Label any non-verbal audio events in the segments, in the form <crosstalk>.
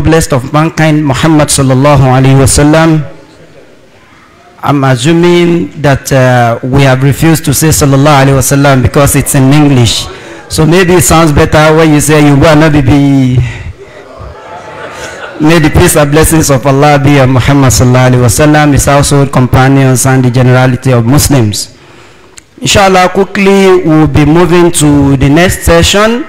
Blessed of mankind, Muhammad sallallahu alaihi wasallam. I'm assuming that uh, we have refused to say sallallahu alaihi wasallam because it's in English. So maybe it sounds better when you say you want to be. May the peace and blessings of Allah be on Muhammad sallallahu alaihi wasallam, his household companions, and the generality of Muslims. Inshallah, quickly we'll be moving to the next session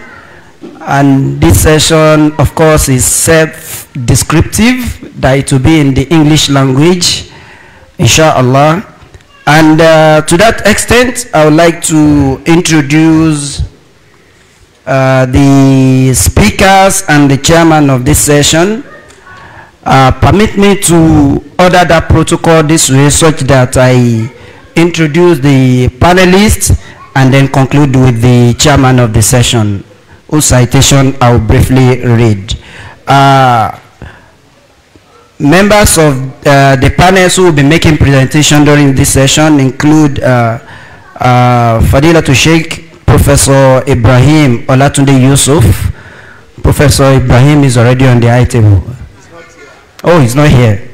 and this session of course is self-descriptive that it will be in the English language inshallah and uh, to that extent I would like to introduce uh, the speakers and the chairman of this session uh, permit me to order that protocol this way such that I introduce the panelists and then conclude with the chairman of the session whose citation I'll briefly read. Uh, members of uh, the panels who will be making presentation during this session include uh, uh, Fadila to Professor Ibrahim Olatunde Yusuf. Professor Ibrahim is already on the eye table. Oh, he's not here.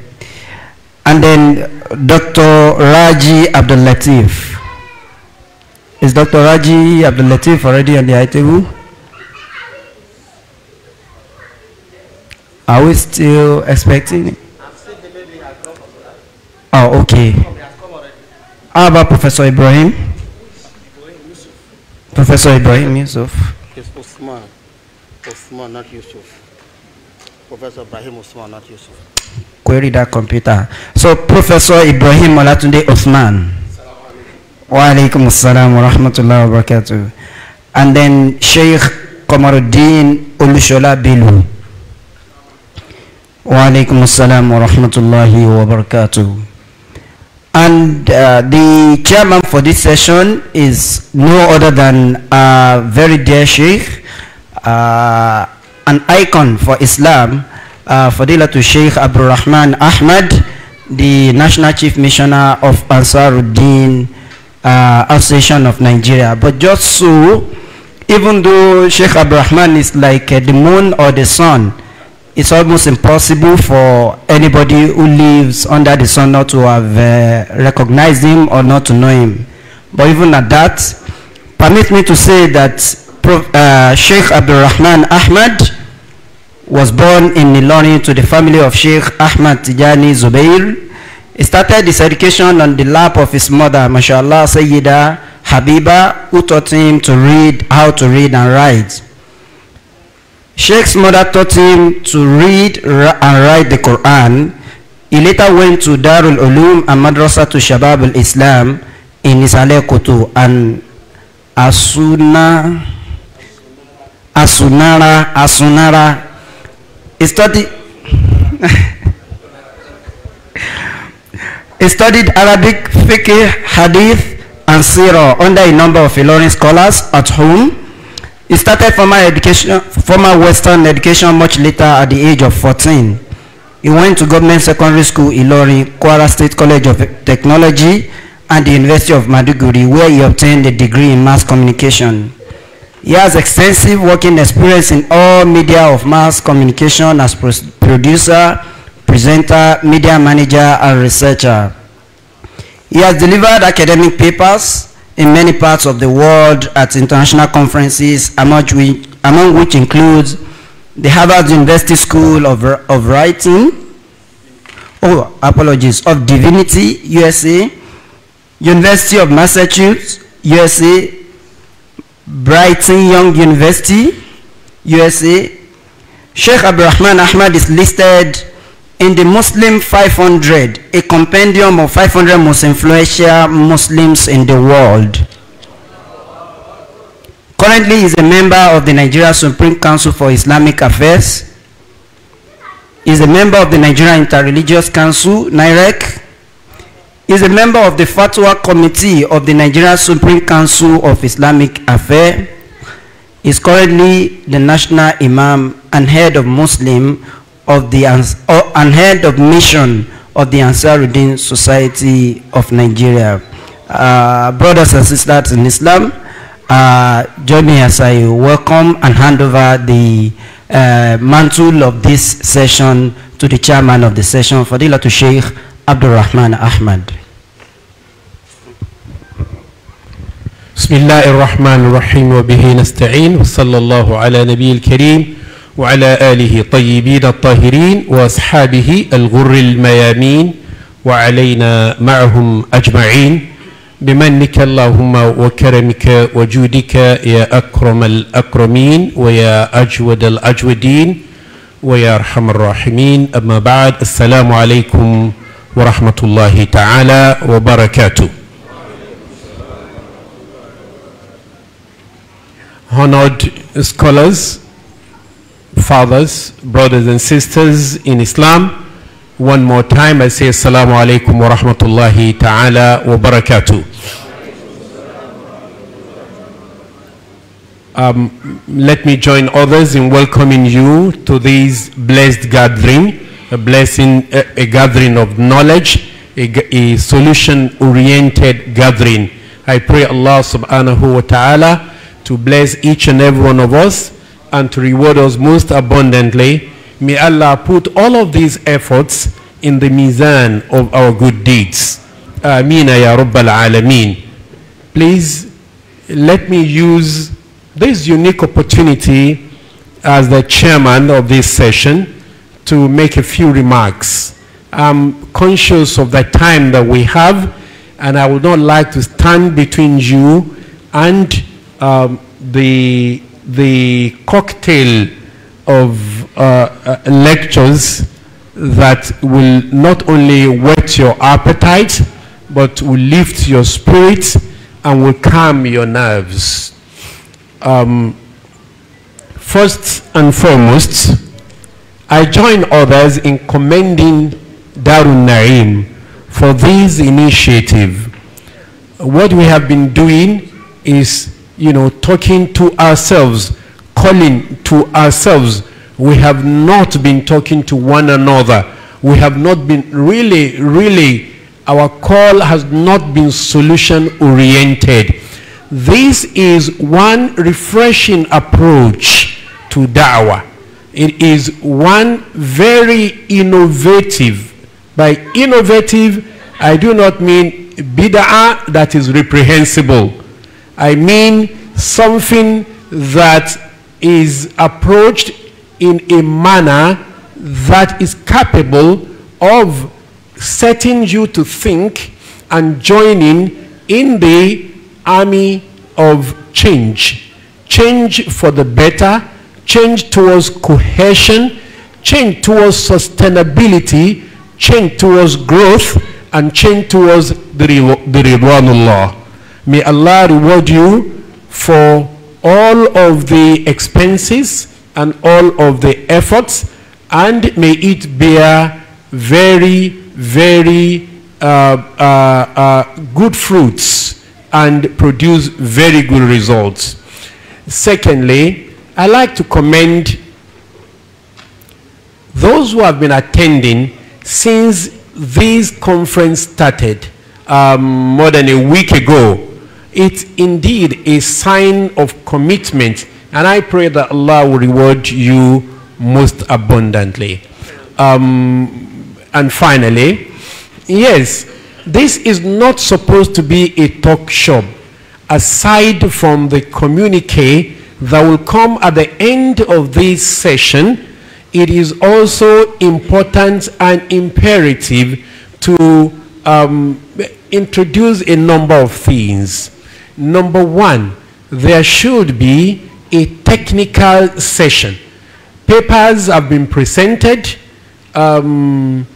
And then Dr. Raji Abdul Latif. Is Dr. Raji Abdul Latif already on the eye table? Are we still expecting? Oh, okay. How about Professor Ibrahim? Professor Ibrahim Yusuf. It's Osman. Osman, not Yusuf. Professor Ibrahim Osman, not Yusuf. Query that computer. So, Professor Ibrahim Olatunde Osman. Wa alaikum assalam wa rahmatullahi wa barakatuh. And then Sheikh Komaruddin Olushola Bilu. Walaikum assalam wa rahmatullahi wa barakatuh. And uh, the chairman for this session is no other than a uh, very dear Sheikh, uh, an icon for Islam, uh, Fadilatu Sheikh Abdul Rahman Ahmad, the National Chief Missioner of Ansaruddin uh, Association of Nigeria. But just so, even though Sheikh Abdul Rahman is like uh, the moon or the sun, it's almost impossible for anybody who lives under the sun not to have uh, recognized him or not to know him. But even at that, permit me to say that uh, Sheikh Abdul Rahman Ahmad was born in Niloni to the family of Sheikh Ahmad Tijani Zubair. He started his education on the lap of his mother, mashallah Sayyida Habiba, who taught him to read, how to read and write. Sheikh's mother taught him to read and write the Quran. He later went to Darul Ulum and Madrasa to Shabab al-Islam in Isale Kutu and Asuna, Asunara, Asunara. He studied, <laughs> he studied Arabic fiqh, hadith, and sirah under a number of Ilorin scholars at home He started formal education, formal Western education much later at the age of 14. He went to government secondary school Ilori, Kwara State College of Technology, and the University of Maduguri, where he obtained a degree in mass communication. He has extensive working experience in all media of mass communication as pro producer, presenter, media manager, and researcher. He has delivered academic papers, in many parts of the world at international conferences, among which, among which includes the Harvard University School of, of Writing, oh, apologies, of Divinity, USA, University of Massachusetts, USA, Brighton Young University, USA. Sheikh Abdurrahman Ahmad is listed in the Muslim 500, a compendium of 500 most influential Muslims in the world. Currently is a member of the Nigeria Supreme Council for Islamic Affairs. Is a member of the Nigeria Interreligious Council, NIREC. Is a member of the Fatwa Committee of the Nigeria Supreme Council of Islamic Affairs. Is currently the National Imam and Head of Muslim of the unheard of mission of the Ansaruddin Society of Nigeria. Uh, brothers and sisters in Islam, uh, join me as I welcome and hand over the uh, mantle of this session to the chairman of the session, Fadilatu Sheikh Abdul Rahman Ahmad. بسم الله الرحمن الرحيم وبه نستعين وصلى الله على نبي الكريم وعلى آله طيبين الطاهرين وأصحابه الغر الميامين وعلينا معهم أجمعين بمنك اللهم وكرمك وجودك يا أكرم الأكرمين ويا أجود الأجودين ويا أرحم الراحمين أما بعد السلام عليكم ورحمة الله تعالى وبركاته Honored scholars, fathers, brothers and sisters in Islam. One more time, I say Assalamu alaikum wa rahmatullahi ta'ala wa barakatuh. Um, let me join others in welcoming you to this blessed gathering, a blessing, a, a gathering of knowledge, a, a solution-oriented gathering. I pray Allah subhanahu wa ta'ala to bless each and every one of us and to reward us most abundantly. May Allah put all of these efforts in the mizan of our good deeds. Ameen ya Rabbal Alameen. Please let me use this unique opportunity as the chairman of this session to make a few remarks. I'm conscious of the time that we have and I would not like to stand between you and um, the the cocktail of uh, uh, lectures that will not only whet your appetite, but will lift your spirit and will calm your nerves. Um, first and foremost, I join others in commending Darun Naim for this initiative. What we have been doing is you know, talking to ourselves, calling to ourselves. We have not been talking to one another. We have not been really, really, our call has not been solution oriented. This is one refreshing approach to da'wah. It is one very innovative. By innovative, I do not mean bid'ah that is reprehensible I mean something that is approached in a manner that is capable of setting you to think and joining in the army of change. Change for the better, change towards cohesion, change towards sustainability, change towards growth, and change towards the, the Ridwanullah. May Allah reward you for all of the expenses and all of the efforts and may it bear very, very uh, uh, uh, good fruits and produce very good results. Secondly, I like to commend those who have been attending since this conference started um, more than a week ago. It's indeed a sign of commitment. And I pray that Allah will reward you most abundantly. Um, and finally, yes, this is not supposed to be a talk shop. Aside from the communique that will come at the end of this session, it is also important and imperative to um, introduce a number of things. Number one, there should be a technical session. Papers have been presented, um,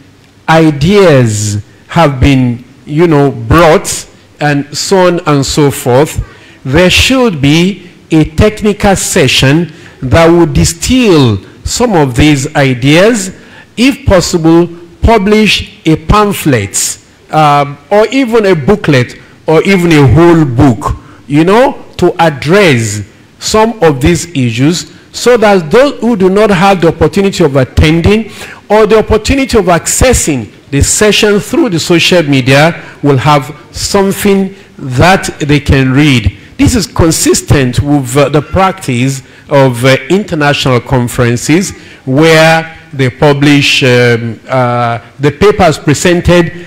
ideas have been, you know, brought, and so on and so forth. There should be a technical session that would distill some of these ideas, if possible, publish a pamphlet um, or even a booklet or even a whole book, you know, to address some of these issues so that those who do not have the opportunity of attending or the opportunity of accessing the session through the social media will have something that they can read. This is consistent with uh, the practice of uh, international conferences where they publish um, uh, the papers presented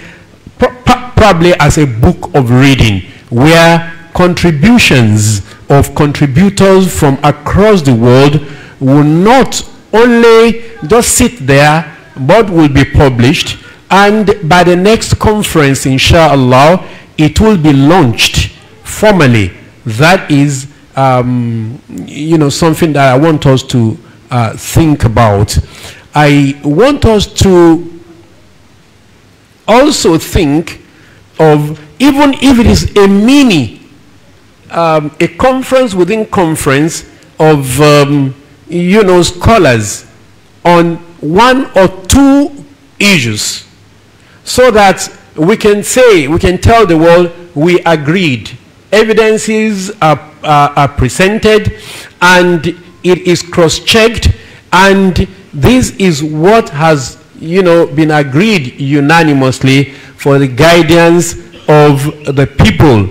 probably as a book of reading where contributions of contributors from across the world will not only just sit there but will be published and by the next conference inshallah it will be launched formally that is um, you know something that I want us to uh, think about I want us to also think of even if it is a mini, um, a conference within conference of, um, you know, scholars on one or two issues so that we can say, we can tell the world we agreed. Evidences are, are, are presented and it is cross-checked and this is what has you know, been agreed unanimously for the guidance of the people.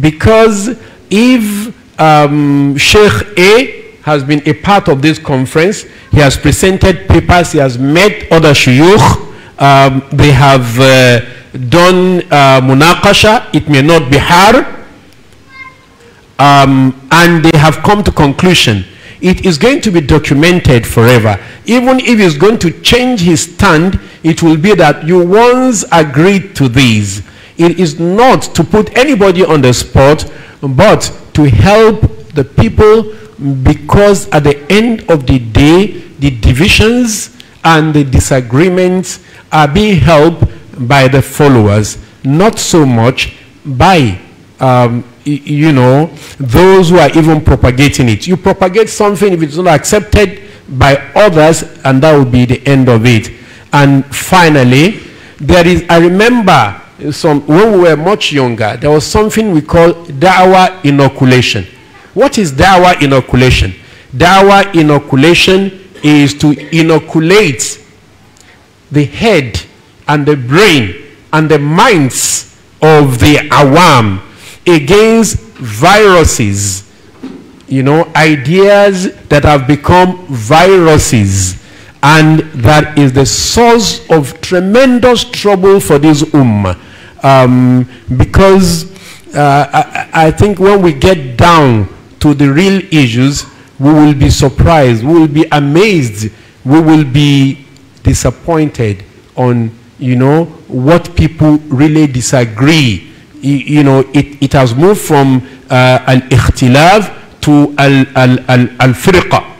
Because if um, Sheikh A has been a part of this conference, he has presented papers, he has met other shuyukh, um, they have uh, done uh, munakasha, it may not be hard, um, and they have come to conclusion it is going to be documented forever. Even if he's going to change his stand, it will be that you once agreed to this. It is not to put anybody on the spot, but to help the people because at the end of the day, the divisions and the disagreements are being helped by the followers, not so much by um, you know, those who are even propagating it. You propagate something if it's not accepted by others, and that will be the end of it. And finally, there is, I remember some, when we were much younger, there was something we call dawa inoculation. What is dawa inoculation? Dawa inoculation is to inoculate the head and the brain and the minds of the awam against viruses. You know, ideas that have become viruses. And that is the source of tremendous trouble for this ummah. Um, because uh, I, I think when we get down to the real issues, we will be surprised, we will be amazed, we will be disappointed on, you know, what people really disagree you, know, it, it has moved from uh, al-ikhtilaf to al-firqa. Al, al, al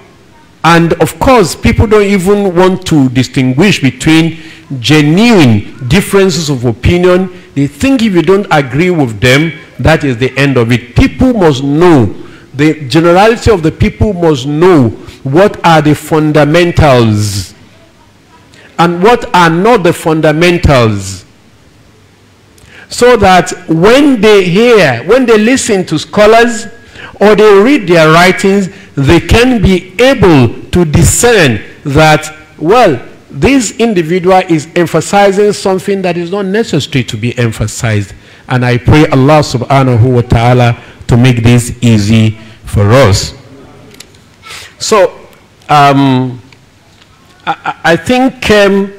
and of course, people don't even want to distinguish between genuine differences of opinion. They think if you don't agree with them, that is the end of it. People must know, the generality of the people must know what are the fundamentals and what are not the fundamentals so that when they hear, when they listen to scholars or they read their writings, they can be able to discern that, well, this individual is emphasizing something that is not necessary to be emphasized. And I pray Allah subhanahu wa ta'ala to make this easy for us. So, um, I, I, think um,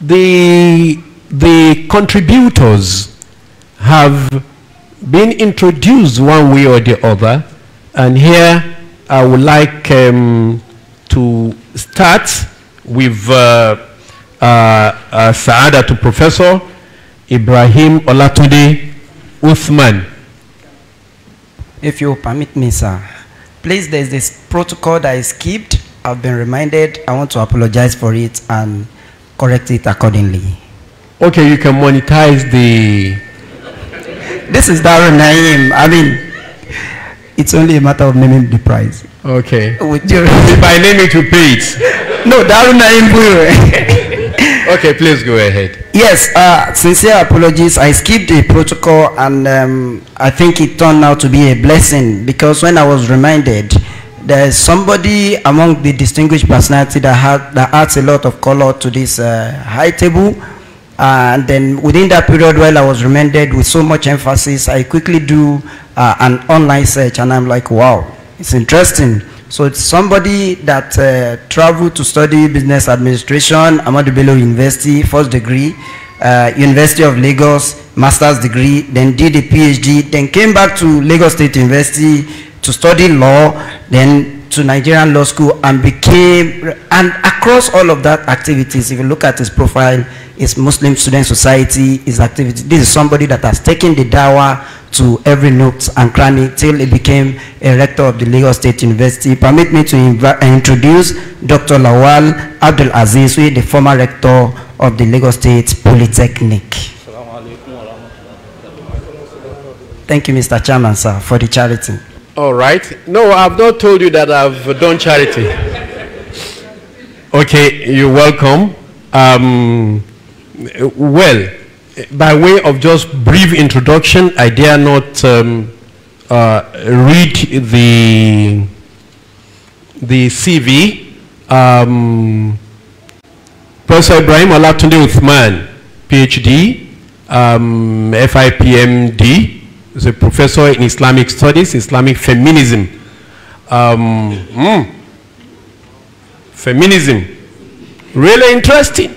the the contributors have been introduced one way or the other, and here I would like um, to start with uh, uh, uh, Saada to Professor Ibrahim Olatunde Uthman. If you permit me, sir, please, there's this protocol that I skipped. I've been reminded. I want to apologize for it and correct it accordingly. Okay, you can monetize the. This is Darren Naim. I mean, it's only a matter of naming the price. Okay. Would if I name it, you pay it. <laughs> no, Darren Naim <laughs> Okay, please go ahead. Yes, uh, sincere apologies. I skipped the protocol and um, I think it turned out to be a blessing because when I was reminded, there's somebody among the distinguished personality that, had, that adds a lot of color to this uh, high table uh, and then within that period while I was remanded with so much emphasis, I quickly do uh, an online search and I'm like, wow, it's interesting. So it's somebody that uh, traveled to study business administration, Ahmadu Bello University, first degree, uh, University of Lagos, master's degree, then did a PhD, then came back to Lagos State University to study law, then to Nigerian Law School and became, and across all of that activities, if you look at his profile, its Muslim Student Society, is activity. This is somebody that has taken the dawah to every nook and cranny till he became a rector of the Lagos State University. Permit me to uh, introduce Dr. Lawal Abdul Aziz, who is the former rector of the Lagos State Polytechnic. Thank you, Mr. Chairman, sir, for the charity. All right. No, I've not told you that I've done charity. okay, you're welcome. Um, well, by way of just brief introduction, I dare not um, uh, read the the CV. Um, Professor Ibrahim Olatunde Uthman, PhD, um, FIPMD, is a professor in Islamic studies, Islamic feminism. Um, mm, feminism, really interesting.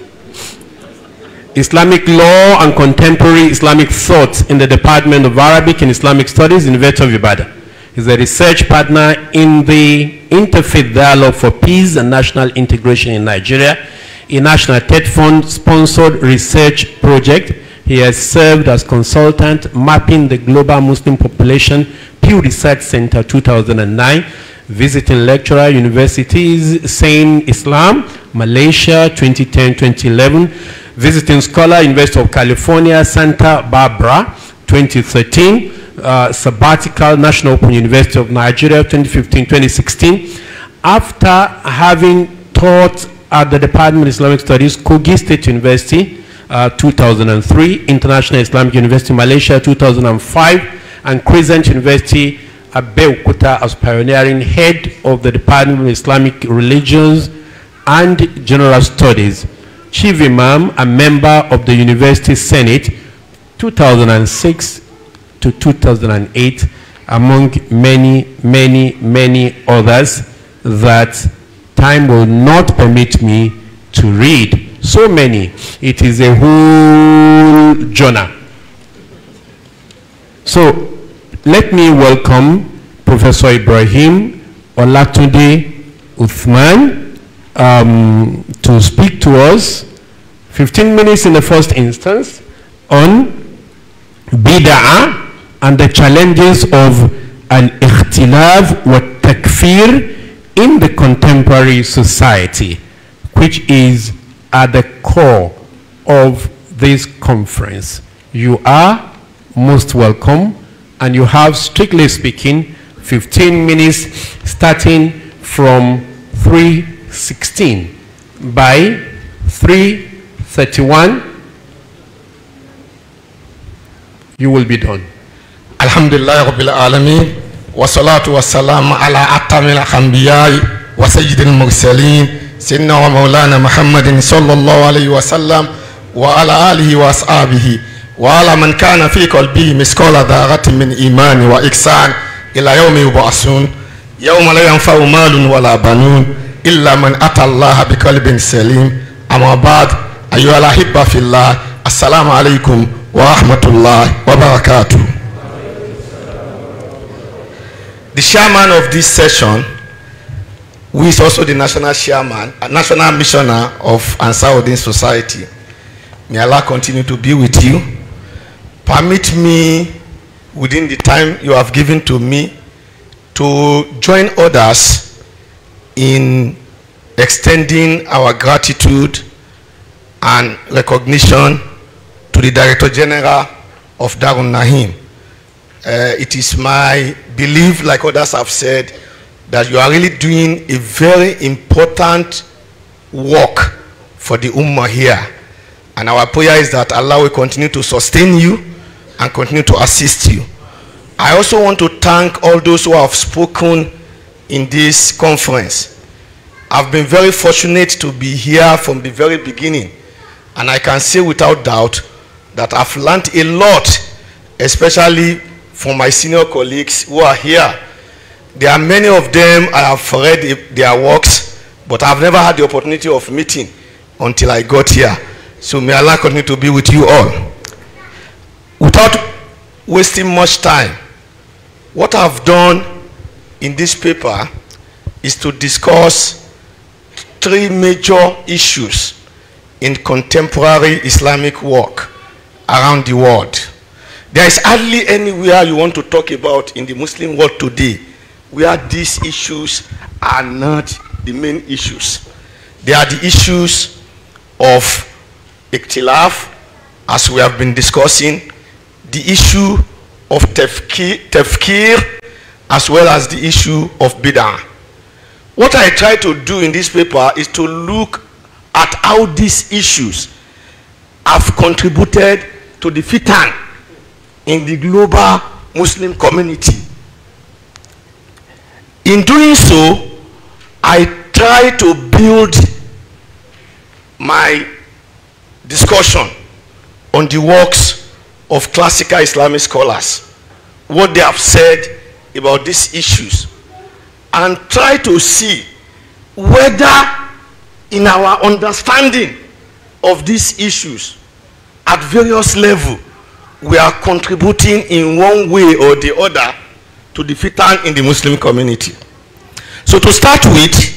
Islamic Law and Contemporary Islamic Thought in the Department of Arabic and Islamic Studies, University of Ibadan. He's a research partner in the Interfaith Dialogue for Peace and National Integration in Nigeria, a National TED Fund sponsored research project. He has served as consultant mapping the global Muslim population, Pew Research Center 2009, visiting lecturer, universities, saying Islam, Malaysia 2010-2011, visiting scholar, University of California, Santa Barbara, 2013, uh, sabbatical, National Open University of Nigeria, 2015-2016. After having taught at the Department of Islamic Studies, Kogi State University, uh, 2003, International Islamic University Malaysia, 2005, and Crescent University, Abeokuta as pioneering head of the Department of Islamic Religions and General Studies. Chief Imam, a member of the University Senate, 2006 to 2008, among many, many, many others that time will not permit me to read. So many. It is a whole journal. So let me welcome Professor Ibrahim Olatunde Uthman um, to speak to us 15 minutes in the first instance on bid'ah and the challenges of al-ikhtilaf wa takfir in the contemporary society which is at the core of this conference. You are most welcome and you have strictly speaking 15 minutes starting from 3 16 by 331 you will be done alhamdulillah rabbil alamin wassalatu wassalamu ala atamil anbiya'i wa sayyidil mursalin sinna wa maulana muhammadin sallallahu alayhi wa sallam wa ala alihi wa ashabihi wa ala man kana fi qalbihi misqala dharratin min imani wa iksan ila yawmi yub'asun yawma la yanfa'u malun wala banun illa man ata Allah bi qalbin salim amma ba'd ayyuhal ahibba fillah assalamu alaykum wa rahmatullahi wa barakatuh. The chairman of this session who is also the national chairman uh, national missioner of Ansarudeen Society may Allah continue to be with you permit me within the time you have given to me to join others in extending our gratitude and recognition to the Director General of Darun Nahim. Uh, it is my belief, like others have said, that you are really doing a very important work for the Ummah here. And our prayer is that Allah will continue to sustain you and continue to assist you. I also want to thank all those who have spoken in this conference. I've been very fortunate to be here from the very beginning. And I can say without doubt that I've learned a lot, especially from my senior colleagues who are here. There are many of them I have read their works, but I've never had the opportunity of meeting until I got here. So may Allah continue to be with you all. Without wasting much time, what I've done in this paper is to discuss three major issues in contemporary Islamic work around the world. There is hardly anywhere you want to talk about in the Muslim world today where these issues are not the main issues. They are the issues of iktilaf, as we have been discussing, the issue of tafkir, as well as the issue of bid'ah. What I try to do in this paper is to look at how these issues have contributed to the fitan in the global Muslim community. In doing so, I try to build my discussion on the works of classical Islamic scholars, what they have said about these issues and try to see whether in our understanding of these issues at various levels we are contributing in one way or the other to the fitan in the Muslim community. So to start with,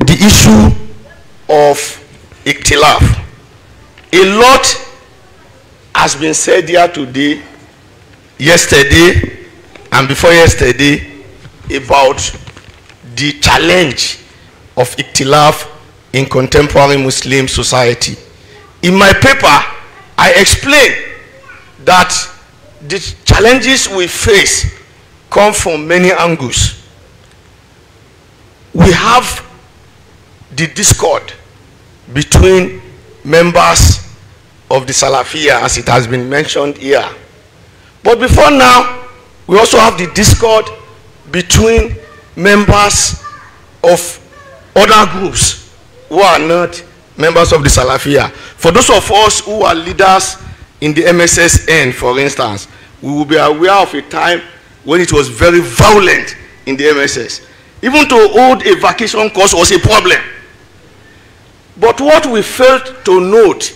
the issue of iktilaf. A lot has been said here today, yesterday, and before yesterday about the challenge of iktilaf in contemporary Muslim society. In my paper, I explain that the challenges we face come from many angles. We have the discord between members of the Salafia, as it has been mentioned here. But before now, We also have the discord between members of other groups who are not members of the Salafia. For those of us who are leaders in the MSSN, for instance, we will be aware of a time when it was very violent in the MSS. Even to hold a vacation course was a problem. But what we failed to note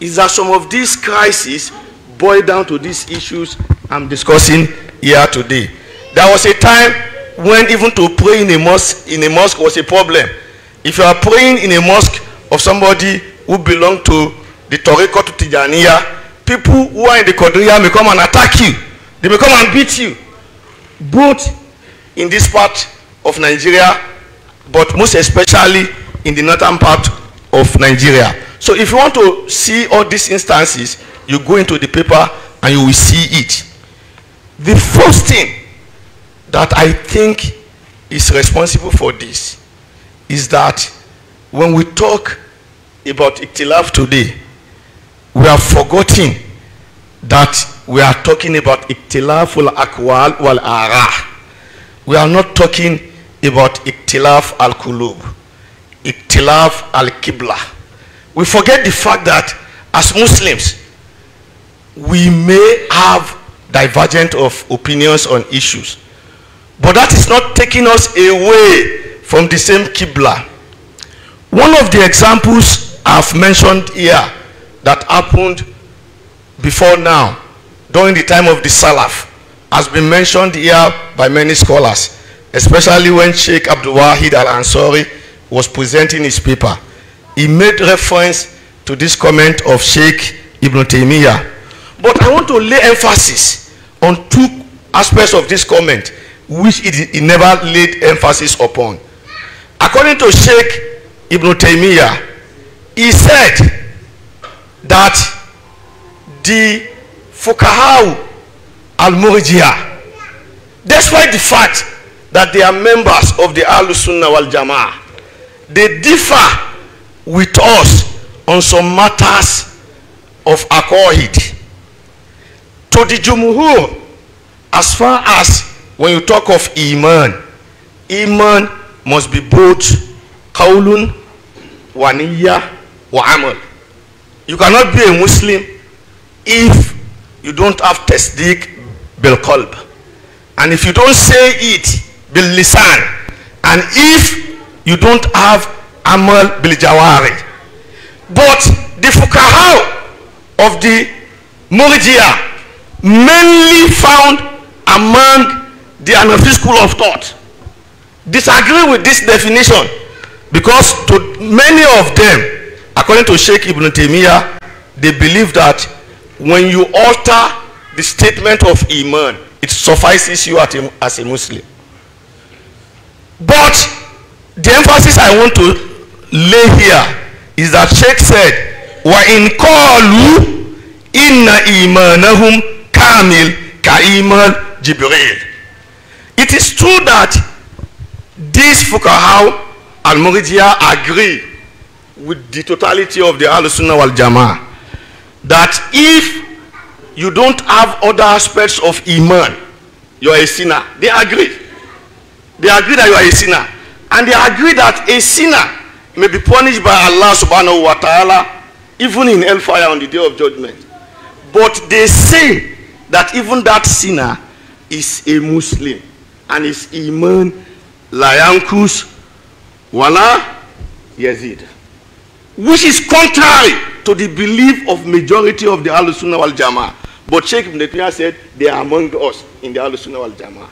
is that some of these crises boil down to these issues I'm discussing here today. There was a time when even to pray in a mosque in a mosque was a problem. If you are praying in a mosque of somebody who belong to the Toriko to Tijaniya, people who are in the Kodriya may come and attack you. They may come and beat you. Both in this part of Nigeria, but most especially in the northern part of Nigeria. So if you want to see all these instances, you go into the paper and you will see it. The first thing that I think is responsible for this is that when we talk about Iktilaf today, we are forgetting that we are talking about Iktilaf al Akwal wal Ara. We are not talking about Iktilaf al Kulub, Iktilaf al Kibla. We forget the fact that as Muslims, we may have divergent of opinions on issues. But that is not taking us away from the same Qibla. One of the examples I've mentioned here that happened before now, during the time of the Salaf, has been mentioned here by many scholars, especially when Sheikh Abdul Wahid al-Ansari was presenting his paper. He made reference to this comment of Sheikh Ibn Taymiyyah but I want to lay emphasis on two aspects of this comment, which it, it never laid emphasis upon. According to Sheikh Ibn Taymiyyah, he said that the Fukahau al-Murjia, despite the fact that they are members of the Al-Sunnah wal-Jama'ah, they differ with us on some matters of accord to the jumuhur as far as when you talk of iman iman must be both kaulun, wa wa amal you cannot be a muslim if you don't have tasdiq bil kolb, and if you don't say it bil lisan and if you don't have amal bil jawari but the fukaha of the murjiah mainly found among the Anafi school of thought disagree with this definition because to many of them, according to Sheikh Ibn Taymiyyah, they believe that when you alter the statement of Iman, it suffices you as a Muslim. But the emphasis I want to lay here is that Sheikh said, وَإِنْ قَالُوا إِنَّ إِيمَانَهُمْ Kamil, Kaiman, Jibril. It is true that these Fukahaw and Muridia agree with the totality of the Al-Sunnah wal Jama'ah that if you don't have other aspects of Iman, you are a sinner. They agree. They agree that you are a sinner. And they agree that a sinner may be punished by Allah subhanahu wa ta'ala even in hellfire on the day of judgment. But they say that even that sinner is a Muslim and his iman layankus wala yazid which is contrary to the belief of majority of the Al-Sunnah wal Jama'ah. But Sheikh Ibn Taymiyyah said they are among us in the Al-Sunnah wal Jama'ah.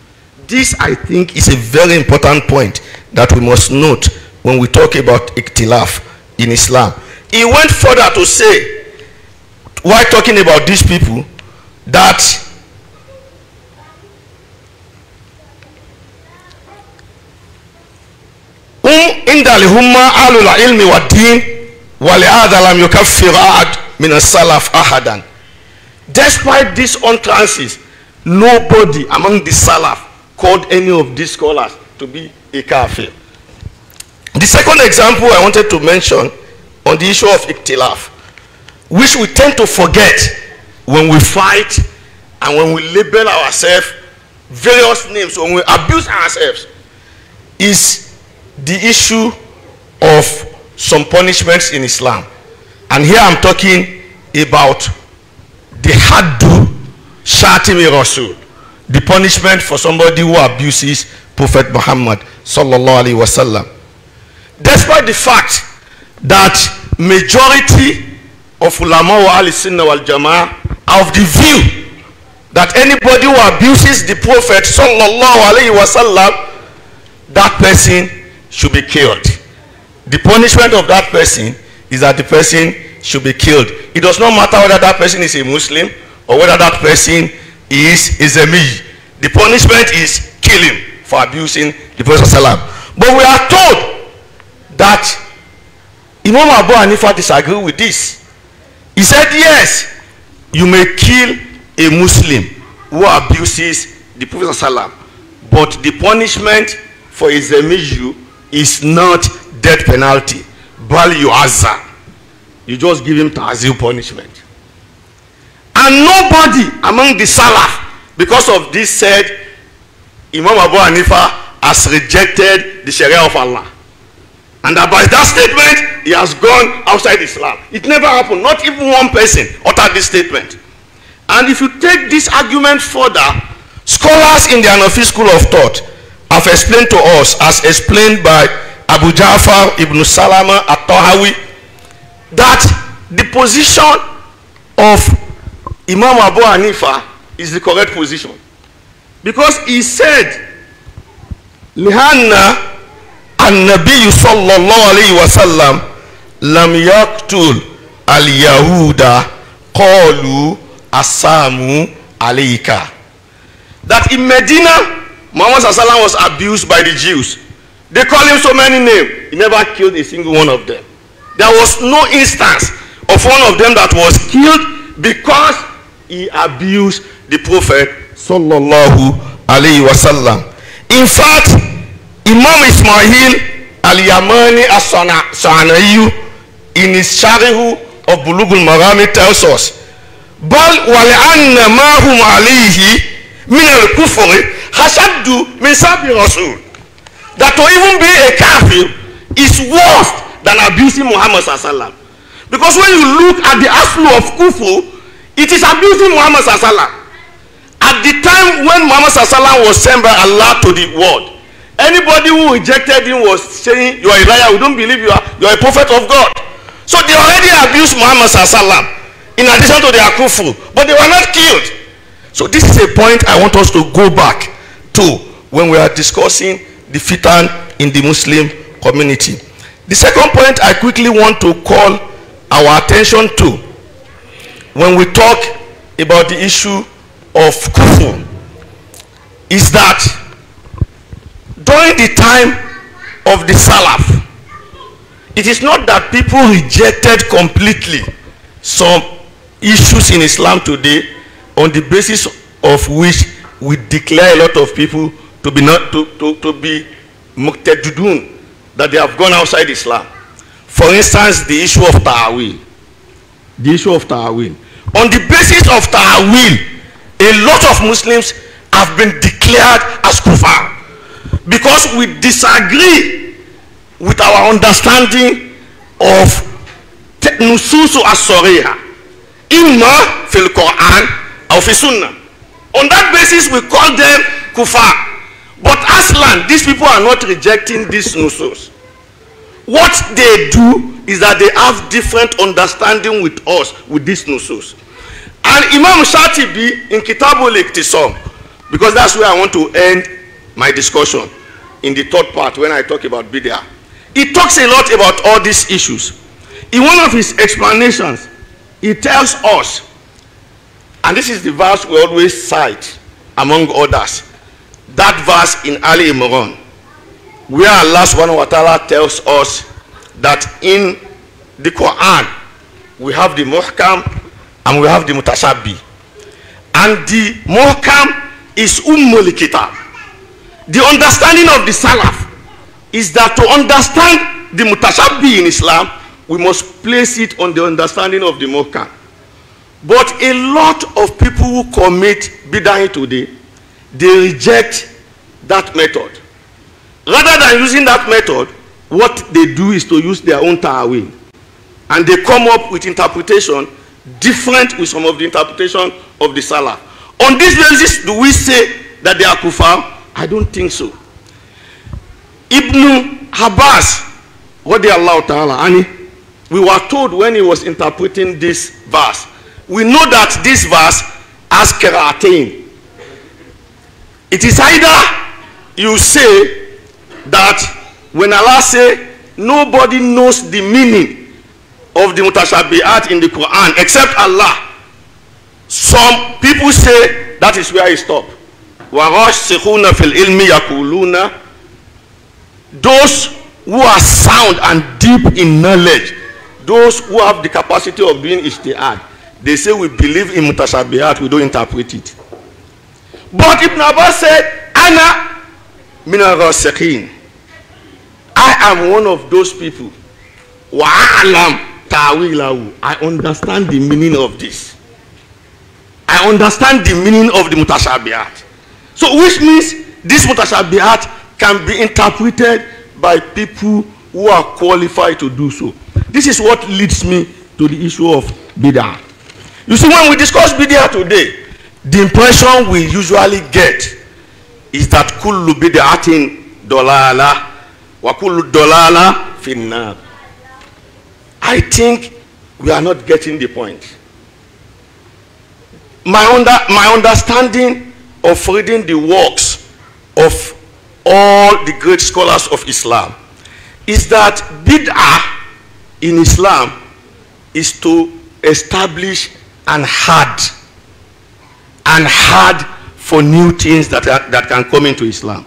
This, I think, is a very important point that we must note when we talk about iktilaf in Islam. He went further to say, while talking about these people, that um indalihuma alula ilmi wa din wale adalam yukafir ahad mina salaf ahadan despite these utterances nobody among the salaf called any of these scholars to be a kafir. The second example I wanted to mention on the issue of iktilaf, which we tend to forget when we fight and when we label ourselves various names, when we abuse ourselves, is the issue of some punishments in Islam. And here I'm talking about the haddu shatimi rasul, the punishment for somebody who abuses Prophet Muhammad sallallahu alaihi wasallam. Despite the fact that majority of ulama wa al-sunnah wal-jama'ah of the view that anybody who abuses the prophet sallallahu alayhi wa sallam that person should be killed the punishment of that person is that the person should be killed it does not matter whether that person is a muslim or whether that person is is a me the punishment is killing for abusing the prophet sallam but we are told that imam abu hanifa disagree with this he said yes You may kill a Muslim who abuses the Prophet Sallam, but the punishment for his emiju is not death penalty. Bal azza, You just give him ta'zil punishment. And nobody among the Salaf, because of this said, Imam Abu Hanifa has rejected the Sharia of Allah. And that by that statement, he has gone outside Islam. It never happened. Not even one person uttered this statement. And if you take this argument further, scholars in the Anafi school of thought have explained to us, as explained by Abu Jafar ibn Salama at-Tahawi, that the position of Imam Abu Hanifa is the correct position. Because he said, Lihanna النبي صلى الله عليه وسلم لم يقتل اليهود قالوا asamu عليك that in Medina Muhammad sallam was abused by the Jews they call him so many names he never killed a single one of them there was no instance of one of them that was killed because he abused the prophet sallallahu alayhi wa sallam in fact Imam Ismail Al-Yamani As-Sana'iyu in his Sharihu of Bulugul Marami tells us bal wàlẹ̀ ànà máhùn àlẹ́yìí mìíràn kúfọ̀rẹ́ hasadu mẹ́sàbí rasul that to even be a kafir is worse than abusing Muhammad sasalam because when you look at the aflu of kufu it is abusing Muhammad sasalam at the time when Muhammad sasalam was sent by Allah to the world Anybody who rejected him was saying, You are a liar, we don't believe you are, you are a prophet of God. So they already abused Muhammad Sallam in addition to their kufu, but they were not killed. So this is a point I want us to go back to when we are discussing the fitan in the Muslim community. The second point I quickly want to call our attention to when we talk about the issue of kufu is that during the time of the Salaf, it is not that people rejected completely some issues in Islam today on the basis of which we declare a lot of people to be not to, to, to be muqtadidun that they have gone outside Islam. For instance, the issue of ta'awil. The issue of ta'awil. On the basis of ta'awil, a lot of Muslims have been declared as kufar because we disagree with our understanding of nususu asoriha imma fil quran or fi sunnah on that basis we call them kufar but aslan these people are not rejecting this nusus what they do is that they have different understanding with us with this nusus and imam shatibi in kitabul iktisam because that's where i want to end my discussion in the third part when I talk about Bidia. He talks a lot about all these issues. In one of his explanations, he tells us, and this is the verse we always cite among others, that verse in Ali Imran, where Allah subhanahu wa ta'ala tells us that in the Quran, we have the muhkam and we have the mutashabbi. And the muhkam is ummul kitab. the understanding of the Salaf is that to understand the mutashabbi in Islam, we must place it on the understanding of the Mokan. But a lot of people who commit bidah today, they reject that method. Rather than using that method, what they do is to use their own ta'awil. And they come up with interpretation different with some of the interpretation of the Salaf. On this basis, do we say that they are kufar? I don't think so. Ibn Abbas, radiallahu ta'ala, and we were told when he was interpreting this verse, we know that this verse has keratin. It is either you say that when Allah say nobody knows the meaning of the mutashabihat in the Quran except Allah. Some people say that is where he stopped. وَرَاسِخُونَ فِي الْعِلْمِ يَقُولُونَ Those who are sound and deep in knowledge, those who have the capacity of doing ijtihad, they say we believe in mutashabihat, we don't interpret it. But Ibn Abbas said, Ana min al-rasikin. I am one of those people. Wa alam ta'wilahu. I understand the meaning of this. I understand the meaning of the mutashabihat. So which means this what I shall be at can be interpreted by people who are qualified to do so. This is what leads me to the issue of bidah. You see, when we discuss bidah today, the impression we usually get is that kullu bid'atin dolala wa kullu dolala finna. I think we are not getting the point. My, under, my understanding of reading the works of all the great scholars of Islam is that bid'ah in Islam is to establish and hard and hard for new things that, are, that can come into Islam.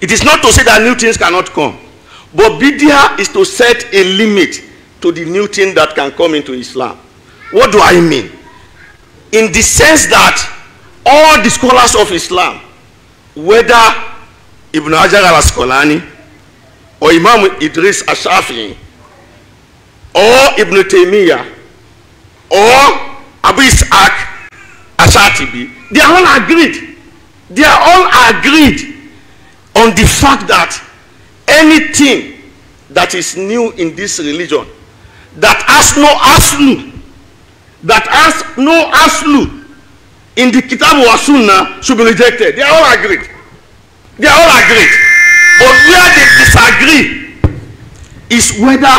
It is not to say that new things cannot come, but bid'ah is to set a limit to the new thing that can come into Islam. What do I mean? In the sense that all the scholars of Islam whether Ibn Hajar al-Asqalani or Imam Idris Ashafi or Ibn Taymiyyah or Abu Ishaq Ashatibi they are all agreed they are all agreed on the fact that anything that is new in this religion that has no aslu that has no aslu in the Kitab or Sunnah should be rejected. They are all agreed. They are all agreed. But where they disagree is whether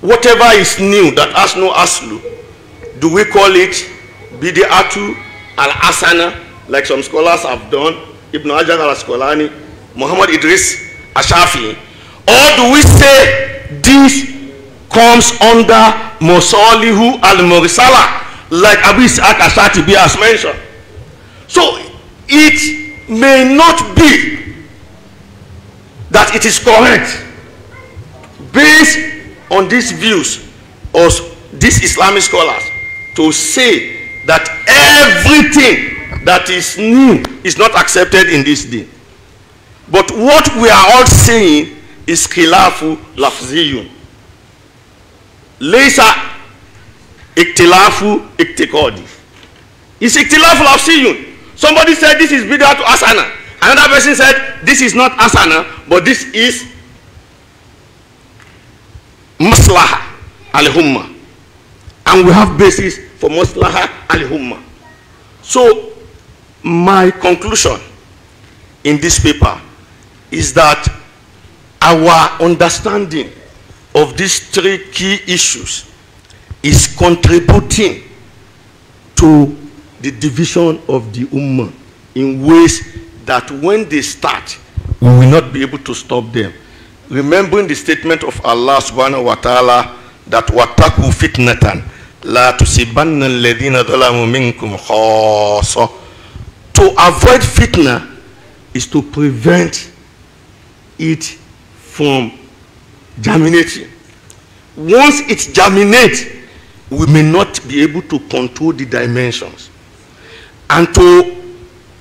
whatever is new that has no aslu, do we call it bid'atu al-asana, like some scholars have done, Ibn Hajar al-Asqalani, Muhammad Idris Ashafi, or do we say this comes under Musalihu al-Mursala? like Abis Akasati, be as mentioned. So it may not be that it is correct based on these views of these Islamic scholars to say that everything that is new is not accepted in this day. But what we are all saying is khilafu lafziyun. Laysa Iktilafu iktikodi. It's iktilafu lafsiyun. Somebody said this is bid'ah to asana. Another person said this is not asana, but this is maslaha al And we have basis for maslaha al So my conclusion in this paper is that our understanding of these three key issues is contributing to the division of the ummah in ways that when they start, we will not be able to stop them. Remembering the statement of Allah subhanahu wa ta'ala that wataku fitnatan la tusibanna alladhina zalamu minkum khassa. To avoid fitna is to prevent it from germinating. Once it germinates, we may not be able to control the dimensions. And to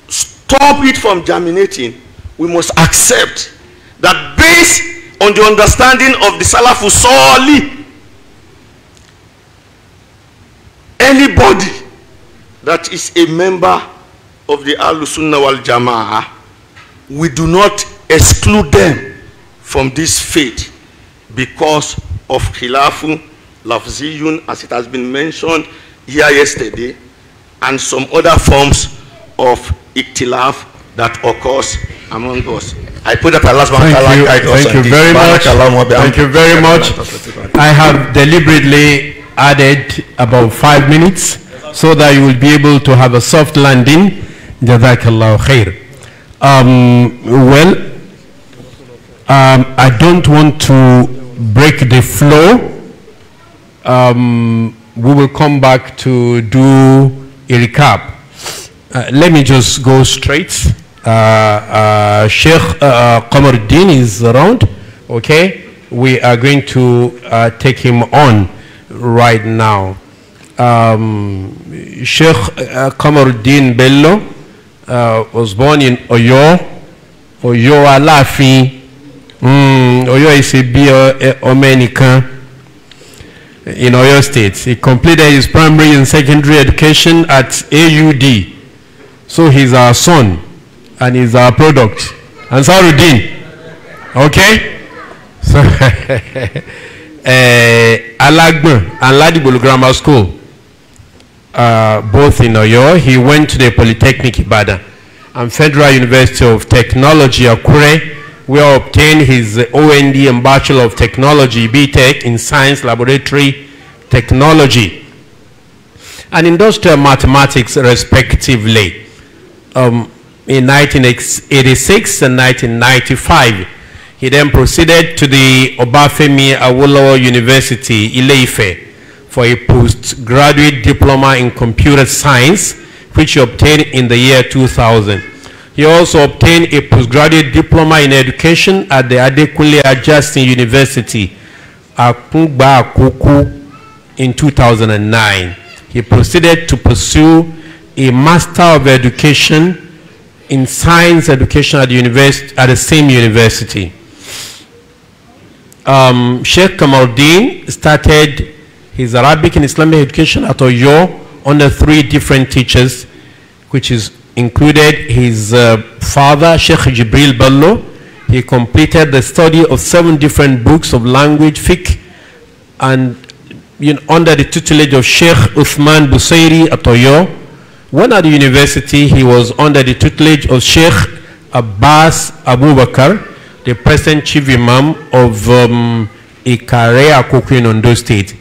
stop it from germinating, we must accept that based on the understanding of the Salafu solely, anybody that is a member of the Al-Sunnah wal-Jama'ah, we do not exclude them from this faith because of Khilafu lafziyun, as it has been mentioned here yesterday, and some other forms of iktilaf that occurs among us. I put up a last one. Thank you very much. Thank you very much. I have deliberately added about five minutes so that you will be able to have a soft landing. Jazakallahu khair. Um, well, um, I don't want to break the flow um, we will come back to do a recap. Uh, let me just go straight. Uh, uh, Sheikh uh, uh Din is around, okay? We are going to uh, take him on right now. Um, Sheikh uh, Din Bello uh, was born in Oyo, Oyo Alafi. Mm, Oyo is a ọmọ uh, ẹnìkan in Oyo State. He completed his primary and secondary education at AUD. So he's our son and he's our product. Ansaruddin. Okay? So, uh, <laughs> eh, Alagbon and Ladibul Grammar School, uh, both in Oyo. He went to the Polytechnic Ibadan and Federal University of Technology, Akure, we obtained his and Bachelor of Technology, BTEC, in Science Laboratory Technology and Industrial Mathematics, respectively. Um, in 1986 and 1995. He then proceeded to the Obafemi Awolowo University, Ileife, for a postgraduate diploma in computer science, which he obtained in the year 2000. He also obtained a postgraduate diploma in education at the Adekunle Ajasin University, Akungba Akuku, in 2009. He proceeded to pursue a Master of Education in Science Education at, the, at the same university. Um, Sheikh Kamaldeen started his Arabic and Islamic education at Oyo under three different teachers, which is included his uh, father, Sheikh Jibril Ballo. He completed the study of seven different books of language, fiqh, and you know, under the tutelage of Sheikh Uthman Busairi Atoyo. When at the university, he was under the tutelage of Sheikh Abbas Abu Bakr, the present chief imam of um, Ikarea in Ondo State,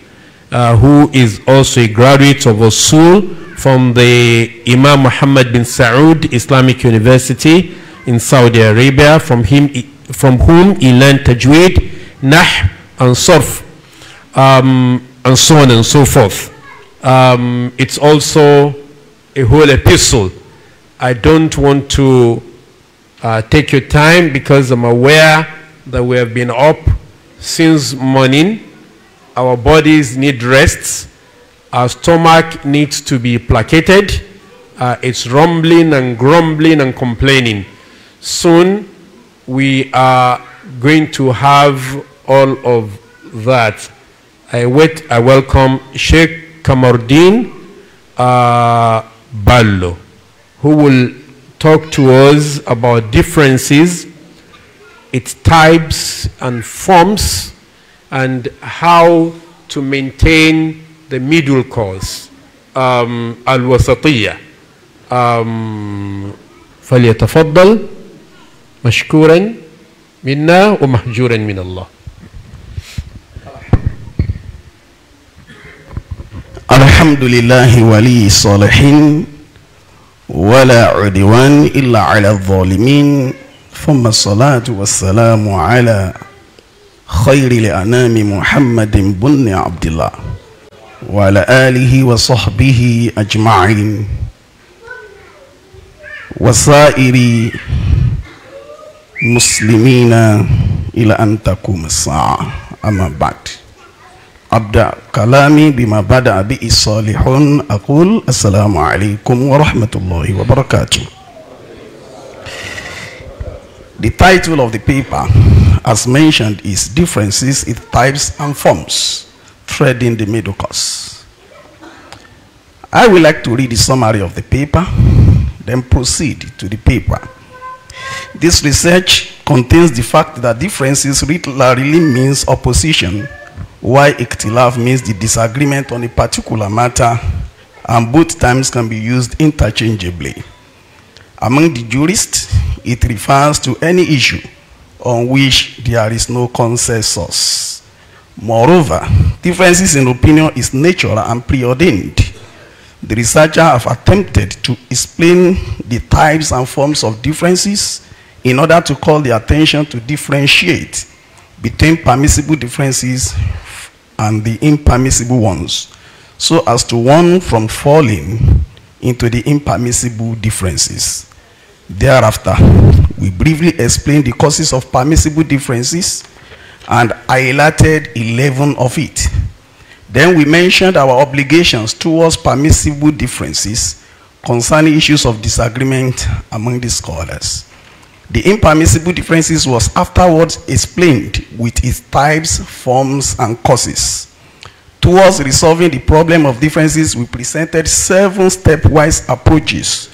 uh, who is also a graduate of Osul from the Imam Muhammad bin Saud Islamic University in Saudi Arabia, from, him, from whom he learned Tajweed, Nah, and Surf, um, and so on and so forth. Um, it's also a whole epistle. I don't want to uh, take your time because I'm aware that we have been up since morning. Our bodies need rests our stomach needs to be placated. Uh, it's rumbling and grumbling and complaining. Soon we are going to have all of that. I wait. I welcome Sheikh Kamardin uh, Ballo, who will talk to us about differences, its types and forms, and how to maintain the middle course um, الوسطية um, فليتفضل مشكورا منا ومهجورا من الله الحمد لله ولي الصالحين ولا عدوان إلا على الظالمين ثم الصلاة والسلام على خير لأنام محمد بن عبد الله وعلى آله وصحبه أجمعين وسائر المسلمين إلى أن تقوم الساعة أما بعد أبدأ كلامي بما بدأ به الصالحون أقول السلام عليكم ورحمة الله وبركاته The title of the paper as mentioned is Differences in Types and Forms treading the middle course. I would like to read the summary of the paper, then proceed to the paper. This research contains the fact that differences literally means opposition, while ikhtilaf means the disagreement on a particular matter, and both terms can be used interchangeably. Among the jurists, it refers to any issue on which there is no consensus. Moreover, differences in opinion is natural and preordained. The researcher have attempted to explain the types and forms of differences in order to call the attention to differentiate between permissible differences and the impermissible ones, so as to warn from falling into the impermissible differences. Thereafter, we briefly explain the causes of permissible differences, and highlighted 11 of it. Then we mentioned our obligations towards permissible differences concerning issues of disagreement among the scholars. The impermissible differences was afterwards explained with its types, forms, and causes. Towards resolving the problem of differences, we presented seven stepwise approaches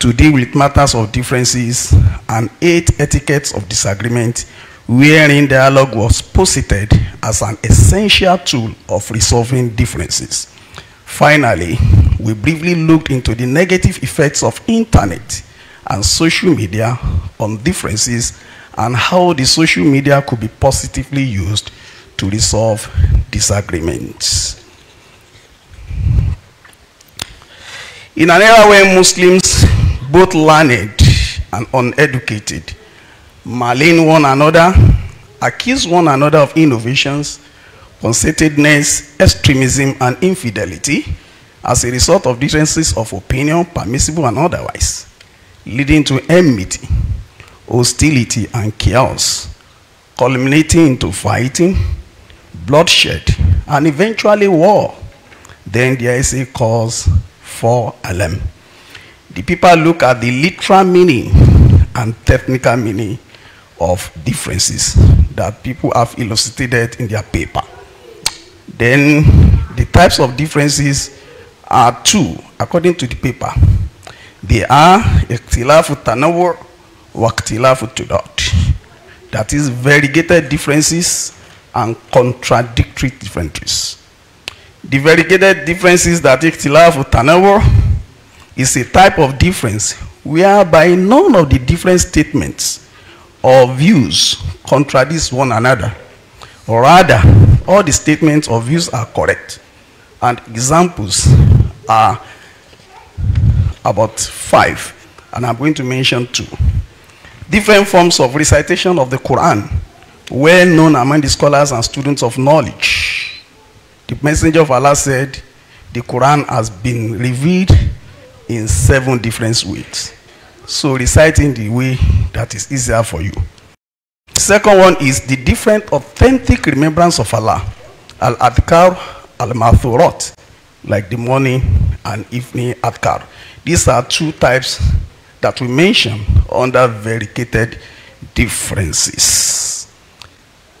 to deal with matters of differences and eight etiquettes of disagreement wherein dialogue was posited as an essential tool of resolving differences. Finally, we briefly looked into the negative effects of internet and social media on differences and how the social media could be positively used to resolve disagreements. In an era where Muslims, both learned and uneducated, malign one another, accuse one another of innovations, conceitedness, extremism, and infidelity as a result of differences of opinion, permissible and otherwise, leading to enmity, hostility, and chaos, culminating into fighting, bloodshed, and eventually war. Then the a cause for alarm. The people look at the literal meaning and technical meaning of differences that people have illustrated in their paper. Then the types of differences are two according to the paper. They are ikhtilafu tanawur wa ikhtilafu That is variegated differences and contradictory differences. The variegated differences that ikhtilafu tanawur is a type of difference whereby none of the different statements or views contradicts one another. or Rather, all the statements or views are correct. And examples are about five, and I'm going to mention two. Different forms of recitation of the Quran, well known among the scholars and students of knowledge. The Messenger of Allah said, the Quran has been revealed in seven different ways. So recite in the way that is easier for you. Second one is the different authentic remembrance of Allah. Al-Adkar, Al-Mathurat, like the morning and evening Adkar. These are two types that we mention under variegated differences.